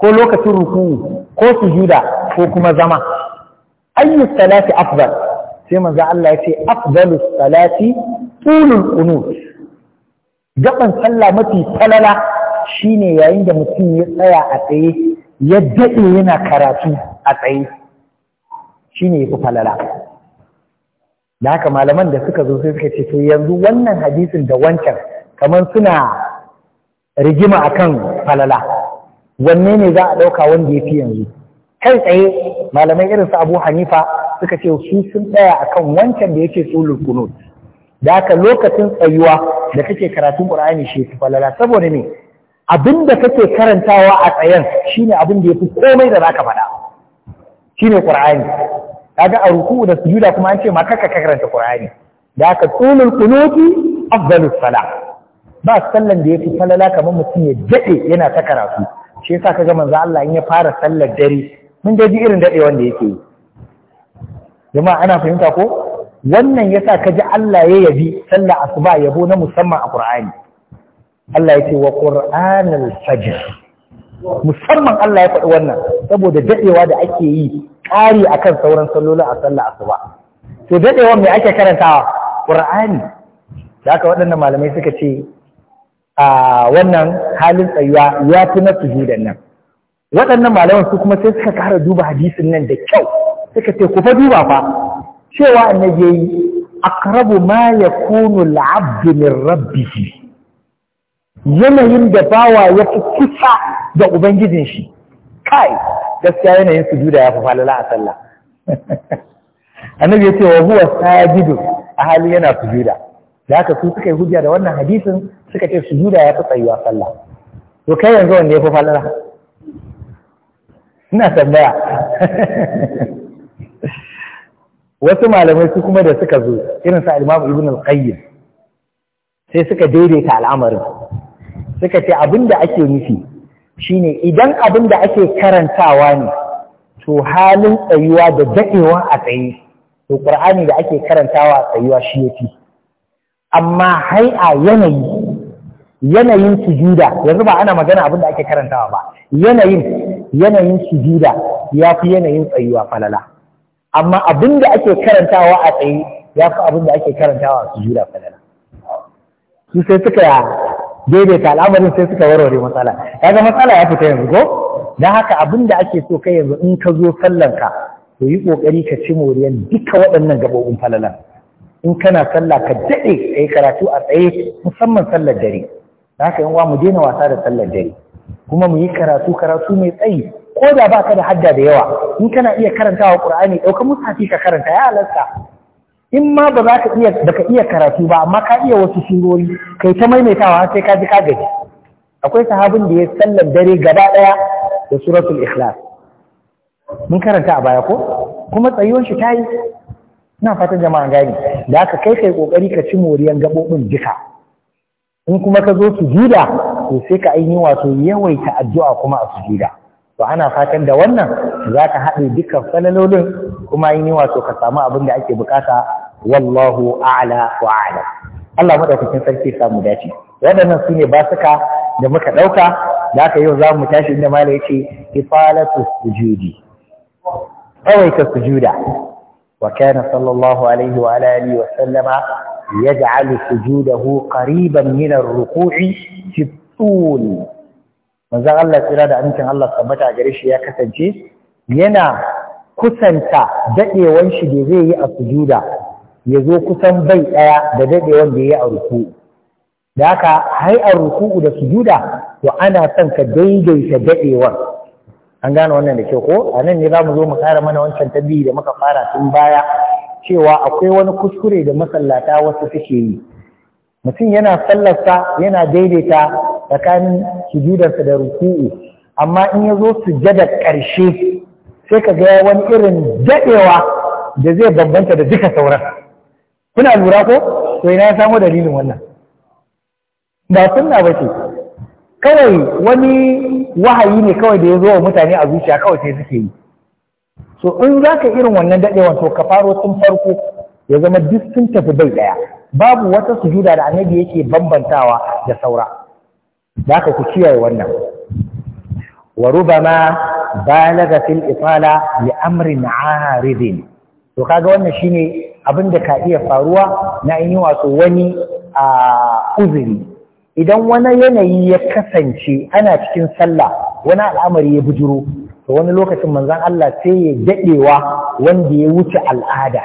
ko lokacin ruku'u ko sujuda ko kuma zama ayyus salati afdal sai manzo Allah ya ce afdalus salati tulul qunut gaban sallah mafi falala shine yayin da mutum ya tsaya a tsaye ya dade yana karatu a tsaye shine yafi falala da haka malaman da suka zo sai suka ce to yanzu wannan hadisin da wancan kamar suna rigima akan falala wanne ne za a ɗauka wanda ya fi yanzu kai tsaye malamai irin su abu hanifa suka ce su sun tsaya akan wancan da yake tsulul kunut da haka lokacin tsayuwa da kake karatun qur'ani shi fi falala saboda ne abin da kake karantawa a tsayen shine abin da yafi komai da zaka faɗa shine qur'ani kaga a ruku da sujuda kuma an ce ma kaka karanta Qur'ani da aka tsulul qunuti afdalus sala ba sallan da yake salala kamar mutum ya dade yana ta karatu shi yasa kaga manzo Allah in ya fara sallar dare mun ga ji irin dade wanda yake yi jama'a ana fahimta ko wannan yasa kaji Allah ya yabi sallar asuba yabo na musamman a Qur'ani Allah ya ce wa Qur'anul fajr musamman Allah ya faɗi wannan saboda daɗewa da ake yi ƙari kan sauran sallolin a sallah asuba to daɗewa mai ake karantawa ƙur'ani da aka waɗannan malamai suka ce a wannan halin tsayuwa ya fi na sujudan nan waɗannan malamai su kuma sai suka kara duba hadisin nan da kyau suka ce ku fa duba fa cewa annabi yayi aqrabu ma ya kunu abdu min rabbihi yanayin da bawa ya fi kusa da ubangijin shi kai gaskiya yanayin su juda ya fi falala a sallah annabi ya ce wa huwa sajidu a hali yana sujuda da haka su suka yi hujja da wannan hadisin suka ce sujuda ya fi tsayuwa sallah to kai yanzu wanda ya fi falala ina tambaya wasu malamai su kuma da suka zo irin sa al-Imam Ibn al-Qayyim sai suka daidaita al'amarin suka ce abin da ake nufi shine idan abin da ake karantawa ne to halin tsayuwa da daɗewa a tsaye to ƙur'ani da ake karantawa a tsayuwa shi yafi amma hai a yanayi yanayin sujuda yanzu ba ana magana abin da ake karantawa ba yanayin yanayin sujuda ya fi yanayin tsayuwa falala amma abin da ake karantawa a tsaye ya fi abin da ake karantawa a sujuda falala su sai suka daidaita al'amarin sai suka warware matsala kaga matsala ya fita yanzu ko dan haka abin da ake so kai yanzu in ka zo sallan ka to yi kokari ka ci moriyan duka waɗannan gabobin falalan in kana sallah ka daɗe kai karatu a tsaye musamman sallar dare da haka yanwa mu daina wasa da sallar dare kuma mu yi karatu karatu mai tsayi ko da baka da hadda da yawa in kana iya karantawa qur'ani ɗauka musafi ka karanta ya halarta in ma ba za ka iya karatu ba amma ka iya wasu shirori. kai ta maimaitawa sai ka ji ka gaji akwai sahabin da ya sallar dare gaba daya da suratul ikhlas mun karanta a baya ko kuma tsayuwar shi tayi ina fatan jama'a gani da aka kai kai kokari ka ci moriyan gabobin duka in kuma ka zo jida to sai ka ainihin wato yawaita addu'a kuma a jida to ana fatan da wannan za ka haɗe dukkan falalolin kuma ainihin wato ka samu abin da ake bukata wallahu a'la wa Ala. Allah madaukakin sarki samu dace waɗannan su ne basuka da muka ɗauka da aka yau za tashi inda mala yace ifalatu sujudi ka sujuda wa kana sallallahu alaihi wa alihi wa sallama yaj'alu sujudahu qariban min ar-ruku'i fi tul Allah tsira da amincin Allah tabbata gare shi ya kasance yana kusanta dadewan shi da zai yi a sujuda ya zo kusan bai ɗaya da daɗewan da ya yi a ruku da haka hai a ruku da juda, to ana son ka daidaita daɗewan an gane wannan da ke ko a nan ne za mu zo mu ƙara mana wancan tabi da muka fara tun baya cewa akwai wani kuskure da masallata wasu suke yi mutum yana sallarsa yana daidaita tsakanin sujudarsa da ruku'u amma in ya zo jada ƙarshe sai ka ga wani irin daɗewa da zai bambanta da duka sauran kuna lura ko to ina ya samo dalilin wannan ba sunna ba ce kawai wani wahayi ne kawai da ya zo wa mutane a zuciya kawai sai suke yi so in za ka irin wannan daɗewan to ka faro tun farko ya zama duk sun tafi bai ɗaya babu wata sujuda da annabi yake bambantawa da saura da ka ku kiyaye wannan wa rubama balaga fil ifala li amrin aridin to kaga wannan shine abin da ka iya faruwa na yi wato wani a uzuri idan wani yanayi ya kasance ana cikin sallah wani al'amari ya bujuro to wani lokacin manzan Allah sai ya daɗewa wanda ya wuce al'ada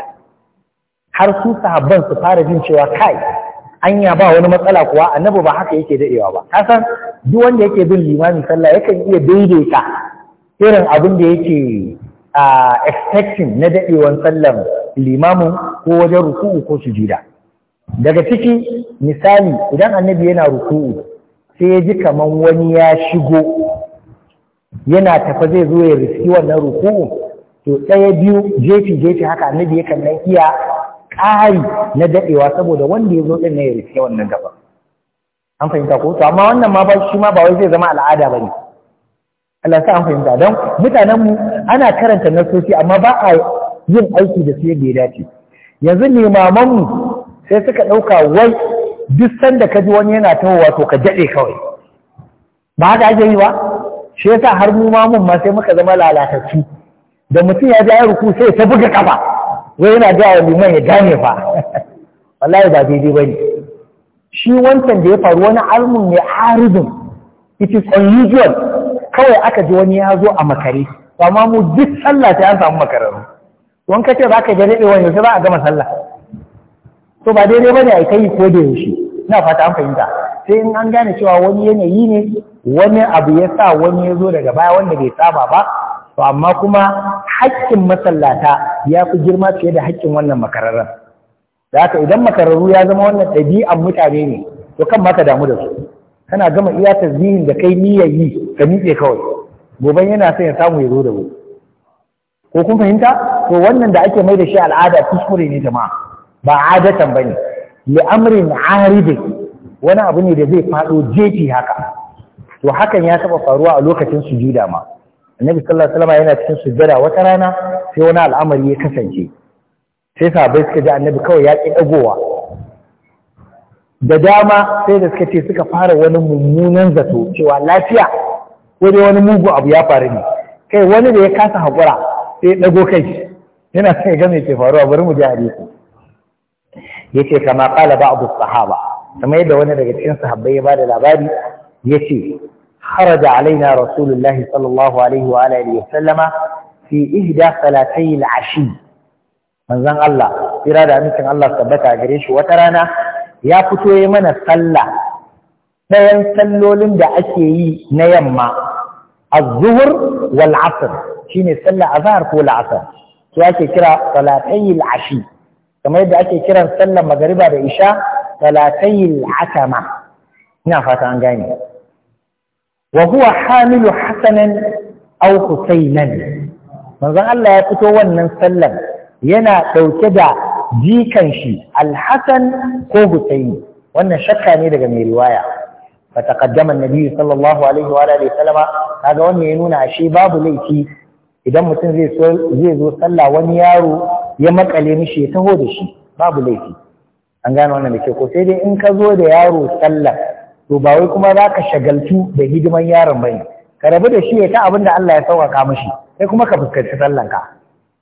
har su sahabban su fara jin cewa kai anya ba wani matsala kuwa annabi ba haka yake daɗewa ba kasan duk wanda yake bin limamin sallah yakan iya daidaita irin abin da yake expecting na daɗewan sallar. limamin ko wajen ruku'u ko sujida daga ciki misali idan annabi yana ruku'u sai ya ji kaman wani ya shigo yana tafa zai zo ya riski wannan ruku'u to tsaye biyu jefi jefi haka annabi ya nan iya ƙari na daɗewa saboda wanda ya zo ɗin ne ya riski wannan gaba an fahimta ko to amma wannan ma ba shi ma ba wai zai zama al'ada ba ne Allah sa an fahimta don mutanenmu ana karanta nasoci amma ba a yin aiki da su yadda ya dace yanzu mu sai suka ɗauka wai duk sanda ka ji wani yana ta wa to ka daɗe kawai ba haka ake yi ba shi yasa har mu mamun ma sai muka zama lalatattu da mutum ya ji ya ruku sai ta buga kafa wai yana ga wa liman ya gane fa wallahi ba daidai ba ne. shi wancan da ya faru wani almun ne aridun it is unusual kawai aka ji wani ya zo a makare amma mu duk sallah sai an samu makararru wani kace ba ka jarabe wani yanzu ba a gama sallah to ba daidai ba ne a kai ko da yaushe ina fata an fahimta sai in an gane cewa wani yanayi ne wani abu ya sa wani ya zo daga baya wanda bai saba ba to amma kuma haƙƙin masallata ya fi girma fiye da haƙƙin wannan makararren da haka idan makararru ya zama wannan ɗabi'an mutane ne to kan ma ka damu da su kana gama iya tasbihin da kai niyyar yi ka miƙe kawai gobe yana son ya samu ya zo da wuri ko kun fahimta to wannan da ake mai da shi al'ada kuskure ne jama'a ba adatan bane li amrin aridi wani abu ne da zai fado jeji haka to hakan ya taba faruwa a lokacin sujuda ma annabi sallallahu alaihi wasallam yana cikin sujjada wata rana sai wani al'amari ya kasance sai sahabbai suka ji annabi kawai ya ki dagowa da dama sai da suka ce suka fara wani mummunan zato cewa lafiya ko dai wani mugu abu ya faru ne kai wani da ya kasa haƙura sai ɗago kai yana sai ga mai ke faruwa bari mu ji hadisi yace kama qala ba'd as-sahaba kuma yadda wani daga cikin sahabbai ya bada labari yace kharaja alaina rasulullah sallallahu alaihi wa alihi wa sallama fi ihda salatay al-ashi manzon Allah kira da amincin Allah tabbata gare shi wata rana ya fito ya mana sallah ɗayan sallolin da ake yi na yamma az-zuhr wal-'asr shine sallar azahar ko la'asar su ake kira salatayil ashi kamar yadda ake kiran sallar magariba da isha salatayil asama ina fata an gane wa huwa hamilu hasanan aw husainan manzon Allah ya fito wannan sallar yana dauke da jikan shi alhasan ko husaini wannan shakka ne daga mai riwaya fa taqaddama annabi sallallahu alaihi wa alihi wasallama kaga wannan ya nuna ashe babu laifi idan mutum zai zo sallah wani yaro ya makale mishi ya taho da shi babu laifi an gane wannan da ke ko sai dai in ka zo da yaro sallah to ba wai kuma za ka shagaltu da hidiman yaron bane ka rabu da shi ya ta abin da Allah ya sauƙaƙa mishi sai kuma ka fuskanci sallan ka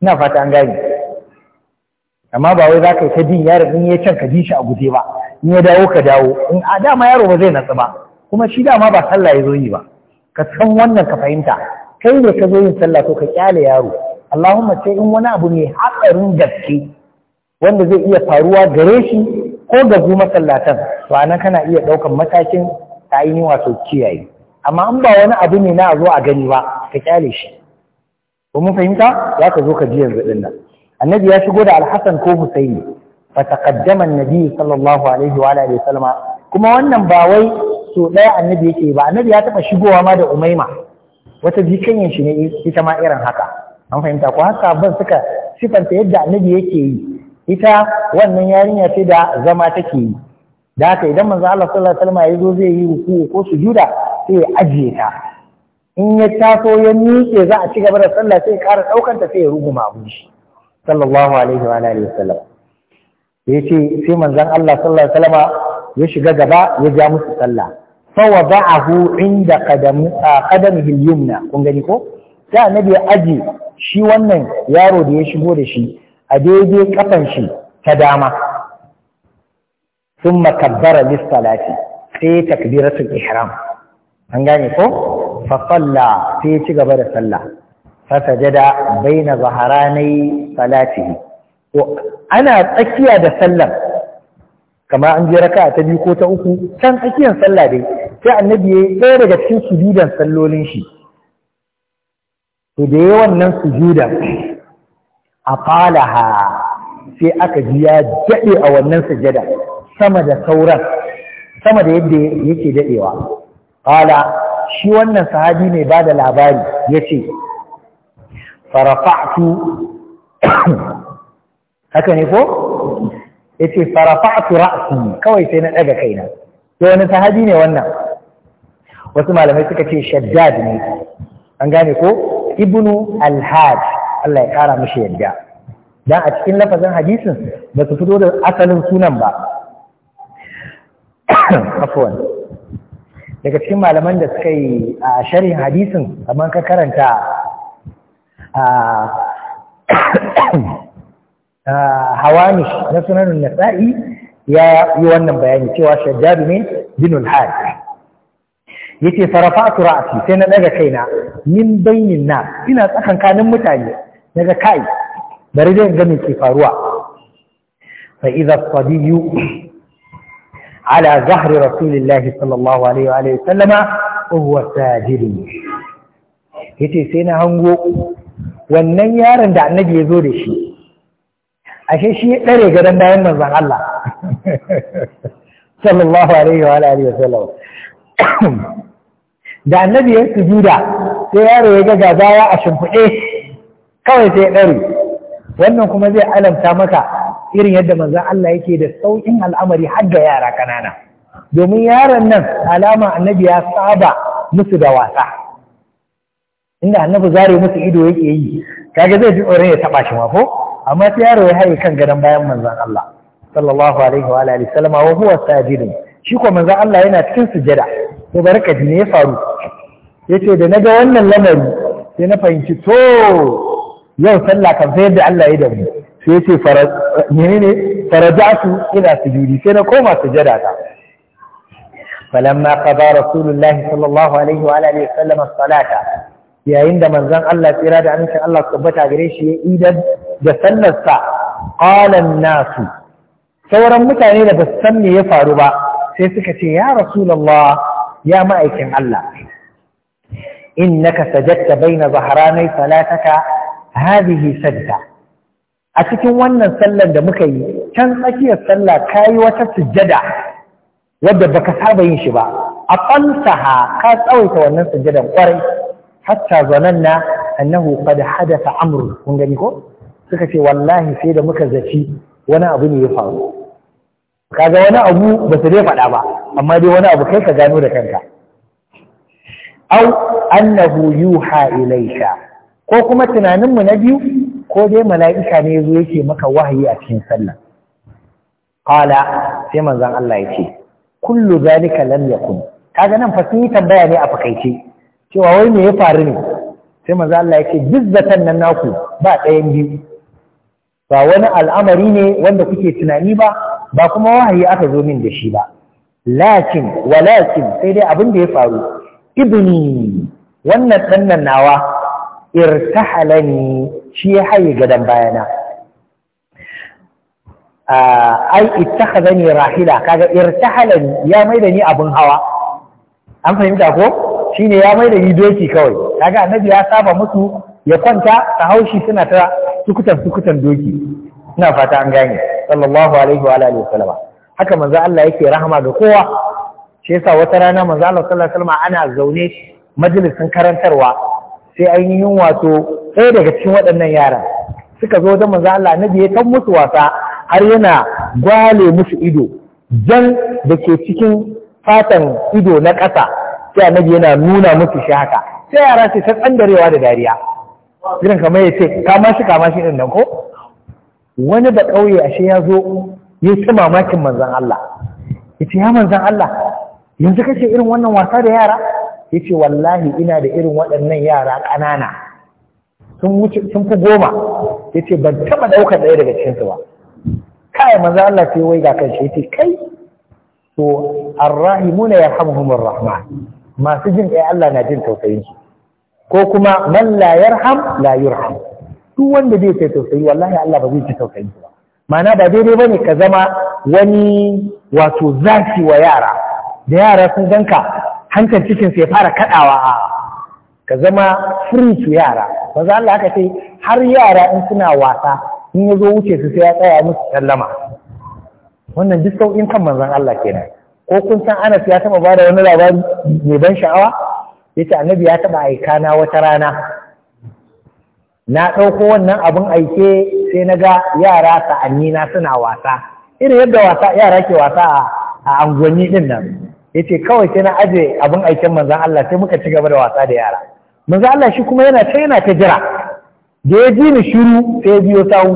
ina fata an gane amma ba wai za ka yi ta bin yaron in ya can ka bi shi a guje ba in ya dawo ka dawo in a dama yaro ba zai natsu ba kuma shi dama ba sallah ya zo yi ba ka san wannan ka fahimta kai ne ka zo yin sallah ka kyale yaro Allahumma sai in wani abu ne hatsarin gaske wanda zai iya faruwa gare shi ko ga masallatan to anan kana iya ɗaukan matakin ta ainihin wato kiyaye amma in ba wani abu ne na zo a gani ba ka kyale shi ko mun fahimta Ya ka zo ka ji yanzu din nan annabi ya shigo da alhassan ko husaini fa taqaddama annabi sallallahu alaihi wa alihi wasallama kuma wannan ba wai so ɗaya annabi yake ba annabi ya taɓa shigowa ma da umaima wata jikanyan shi ne ita ma irin haka an fahimta ko haka ban suka sifanta yadda annabi yake yi ita wannan yarinya ce da zama take yi da haka idan manzo Allah sallallahu alaihi wasallam ya zo zai yi ruku ko sujuda sai ya ajiye ta in ya taso ya miƙe za a ci gaba da sallah sai ya ƙara ɗaukanta sai ya ruguma a gushi sallallahu alaihi wa alihi wasallam yace sai manzon Allah sallallahu alaihi wasallam ya shiga gaba ya ja musu sallah fawa ba'ahu inda qadamihi al-yumna kun gani ko da annabi ya aje shi wannan yaro da ya shigo da shi a daidai kafan shi ta dama thumma kabbara lis-salati sai takbiratul ihram an gane ko fa salla sai ya ci gaba da sallah fa sajada baina zaharanai salatihi to ana tsakiya da sallar kamar an je raka'a ta biyu ko ta uku can tsakiyar sallah dai sai annabi ya yi ɗaya daga cikin sujudan sallolin shi to da ya wannan sujudan a falaha sai aka ji ya daɗe a wannan sujada sama da sauran sama da yadda yake daɗewa Fala shi wannan sahabi ne ba da labari ya ce farafa'tu haka ne ko yace farafa'tu ra'si kawai sai na daga kaina to wani sahabi ne wannan wasu malamai suka ce shaddad ne an gane ko ibnu al Allah ya kara mishi yadda dan a cikin lafazin hadisin ba su fito da asalin sunan ba afwan daga cikin malaman da suka yi a sharhin hadisin kamar ka karanta a hawamish na sunanin nasa'i ya yi wannan bayani cewa shajjabi ne binul hajj yake farafa'atu ra'si sai na daga kaina min bainin na ina tsakankanin mutane daga kai bari dai ga me ke faruwa fa idza sabiyu ala zahri rasulillah sallallahu alaihi wa alihi sallama huwa sajid yace sai na hango wannan yaron da annabi ya zo da shi ashe shi ya ɗare gadon bayan manzan Allah sallallahu alaihi wa alihi wa sallam da annabi ya sujuda sai yaro ya ga gazawa a shimfiɗe kawai sai ya ɗare wannan kuma zai alamta maka irin yadda manzan Allah yake da sauƙin al'amari har da yara ƙanana domin yaron nan alama annabi ya saba musu da wasa inda annabi zare musu ido yake yi kaga zai ji tsoron ya taɓa shi ma ko amma sai yaro ya haye kan gadon bayan manzon Allah sallallahu alaihi wa alihi sallama wa huwa sajidun shi ko manzon Allah yana cikin sujada to barka ne ya faru yace da naga wannan lamari sai na fahimci to yau sallah kan sai yadda Allah ya da mu sai yace menene farajatu ila sujudi sai na koma sujada ta falamma qada rasulullahi sallallahu alaihi wa alihi sallama salata yayin da manzon Allah tsira da amincin Allah tabbata gare shi ya idan da sallarsa ƙalan nasu sauran mutane da basu san me ya faru ba sai suka ce ya rasulullah ya ma'aikin Allah innaka sajadta baina zahranai salataka hadhihi sajda a cikin wannan sallar da muka yi can tsakiyar sallah kayi wata sujjada wadda baka saba yin shi ba a tsantaha ka tsawaita wannan sujjadan kwarai hatta zananna annahu qad hadatha amru kun gani ko suka ce wallahi sai da muka zaci wani abu ne ya faru kaga wani abu ba su dai faɗa ba amma dai wani abu kai ka gano da kanka au annahu yuha ilayka ko kuma tunaninmu na biyu ko dai mala'ika ne yazo yake maka wahayi a cikin sallah qala sai manzon Allah yace kullu zalika lam yakun kaga nan fa sun yi tambaya ne a fakaice cewa wai me ya faru ne sai manzo Allah yake bizzatan nan naku ba ɗayan biyu ba wani al'amari ne wanda kuke tunani ba ba kuma wahayi aka zo min da shi ba lakin walakin sai dai abin da ya faru ibni wannan ɗannan nawa irtahalani shi ya haye gadon bayana ai ittakhadhani rahila kaga irtahalani ya maida ni abin hawa an fahimta ko shi ne ya mai da yi doki kawai kaga annabi ya saba musu ya kwanta ta haushi suna ta sukutan sukutan doki ina fata an gane sallallahu alaihi wa alihi wasallama haka manzo Allah yake rahama ga kowa shi yasa wata rana manzo Allah sallallahu alaihi wasallama ana zaune majalisin karantarwa sai ainihin wato ɗaya daga cikin waɗannan yaran suka zo wajen manzo Allah annabi ya kan musu wasa har yana gwale musu ido jan da ke cikin fatan ido na ƙasa sai annabi yana nuna musu shi haka sai yara sai ta tsandarewa da dariya irin kamar ya ce kama shi kama shi nan ko wani da ƙauye ashe ya zo ya ci mamakin manzan Allah ya ce ya manzan Allah yanzu kake irin wannan wasa da yara ya ce wallahi ina da irin waɗannan yara ƙanana sun fi goma ya ce ban taɓa ɗaukar ɗaya daga cikinsu ba kai manzan Allah sai wai ga kan shi ya ce kai to arrahimuna yarhamuhumur rahman masu jin ɗaya Allah na jin tausayin su ko kuma man la yarham la yurham duk wanda bai kai tausayi wallahi Allah ba zai ci tausayin ba ma'ana ba daidai bane ka zama wani wato zafi wa yara da yara sun ganka hankal cikin ya fara kadawa a ka zama free to yara za Allah aka ce har yara in suna wasa in ya zo wuce su sai ya tsaya musu sallama wannan duk sauƙin kan manzon Allah kenan ko kun san Anas ya taba bada wani labari mai ban sha'awa ce annabi ya taba aika na wata rana na ɗauko wannan abin aike sai na ga yara sa'anni na suna wasa irin yadda wasa yara ke wasa a angonni din nan Ya ce kawai sai na aje abin aiken manzan Allah sai muka ci gaba da wasa da yara manzan Allah shi kuma yana ta yana ta jira da ya ji ni shiru sai ya biyo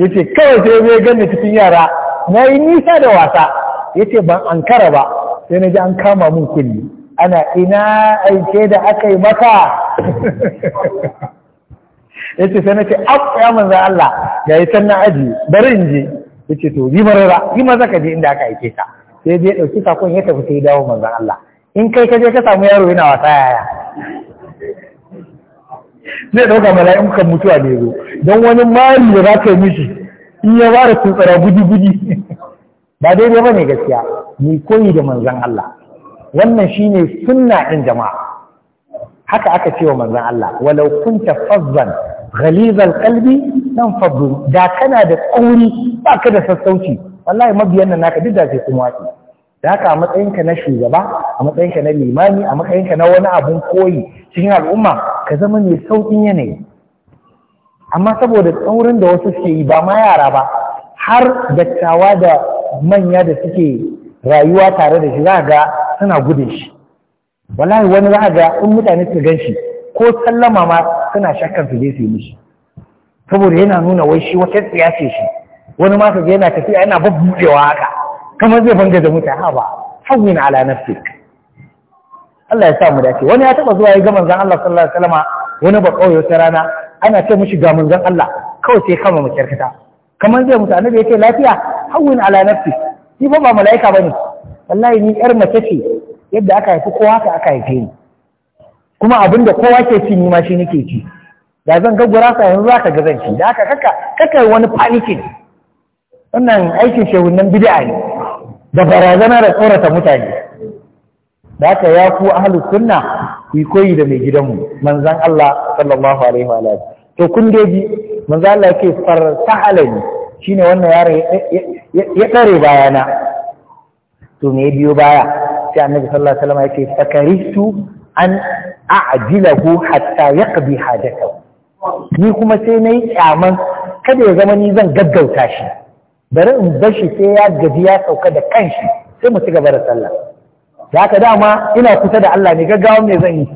Ya ce kawai sai ya ganin cikin yara na yi nisa da wasa ya ce ban ankara ba sai na ji an kama mun kulli ana ina aike da aka yi maka ya ce sai na ce abu ya manza Allah ya yi can na aji bari in je ya ce to yi marara yi maza ka je inda aka aike ka sai je ɗauki sakon ya tafi sai dawo manzan Allah in kai ka je ka samu yaro yana wasa yaya zai ɗauka mala'imukan mutuwa ne zo don wani mari da za ka yi mishi in ya fara tsara gudi-gudi ba daidai ba ne gaskiya ni koyi da manzan Allah wannan shine sunna ɗin jama'a haka aka ce wa manzan Allah walau kunta fazzan ghalizal qalbi nan faddu da kana da tsauri ba ka da sassauci wallahi mabiyan nan naka duk da sai sun wace. da haka a matsayinka na shugaba a matsayinka na limami a matsayinka na wani abun koyi cikin al'umma ka zama mai sauƙin yanayi amma saboda tsaurin da wasu suke yi ba ma yara ba har dattawa da manya da suke rayuwa tare da shi za ga suna gudun shi wallahi wani za ga in mutane suka gan shi ko sallama ma suna shakkan su je su yi mishi saboda yana nuna wai shi wata tsiya ce shi wani ma ka yana tafiya yana babbuɗewa haka kamar zai banga da mutane ha ba hawin ala nafsik Allah ya sa mu dace wani ya taba zuwa ya gama zan Allah sallallahu alaihi wasallama wani ba kawai rana ana ce mushi ga munzan Allah kawai sai kama makyarkata kamar zai mutane ya yake lafiya hawwin ala nafsi ni ba ba malaika bane wallahi ni yar mace ce yadda aka haifi kowa ka aka haife ni kuma abin da kowa ke ci ni ma shi nake ci da zan ga gurasa yanzu zaka ga zan ci da aka kaka kaka wani panikin wannan aikin shehunan bid'a ne da barazana da tsorata mutane da haka ya ku ahalus sunna ku koyi da mai gidanmu manzan Allah sallallahu alaihi wa alihi to kun doji manzan Allah yake farsahalani shine wannan yaron ya dare bayana to me biyo baya sai annabi sallallahu alaihi wasallam yake fakaristu an a'jilahu hatta yaqdi hajatahu ni kuma sai nayi kyaman kada ya zama ni zan gaggauta shi bari in bashi sai ya gaji ya sauka da kanshi sai mu ci gaba da sallah da aka dama ina kusa da Allah ne gaggawa mai zan yi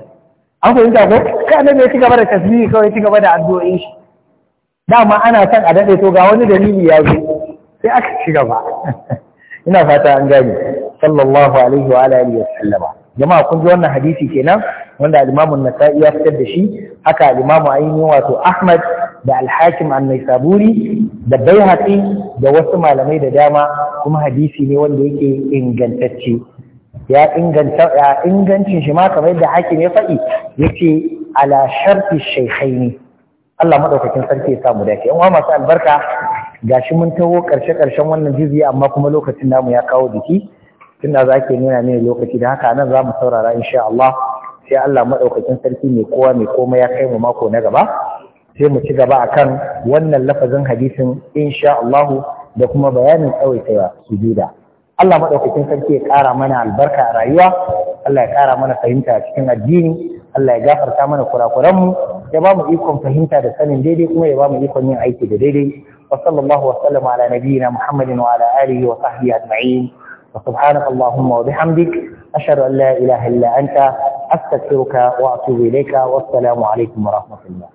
an fahimta ko kai annabi ya ci gaba da tasbihi kawai ci gaba da addu'o'i shi dama ana son a dade to ga wani dalili ya zo sai aka ci gaba ina fata an gane sallallahu alaihi wa alihi wa sallama jama'a kun ji wannan hadisi kenan wanda al-Imam an-Nasa'i ya fitar da shi haka al-Imam Aini wato Ahmad da al-Hakim an-Naisaburi da Baihaqi da wasu malamai da dama kuma hadisi ne wanda yake ingantacce ya inganta ya ingancin shi ma kamar yadda hakim ya faɗi yace ala sharti shaykhaini Allah madaukakin sarki ya samu dace yan uwa masu albarka gashi mun taho karshe karshen wannan jizi amma kuma lokacin namu ya kawo jiki tunda zake nuna mini lokaci da haka nan zamu saurara insha Allah sai Allah madaukakin sarki mai kowa mai komai ya kai mu mako na gaba sai mu ci gaba akan wannan lafazin hadisin insha Allah da kuma bayanin tsawaitawa sujuda Allah maɗaukakin sarki ya ƙara mana albarka a rayuwa Allah ya ƙara mana fahimta a cikin addini Allah ya gafarta mana kurakuranmu ya ba mu ikon fahimta da sanin daidai kuma ya ba mu ikon yin aiki da daidai wa sallallahu wa sallama ala nabiyyina Muhammadin wa ala alihi wa sahbihi ajma'in wa subhanaka allahumma wa bihamdik ashhadu an la ilaha illa anta astaghfiruka wa atubu ilayka wa assalamu alaikum wa rahmatullah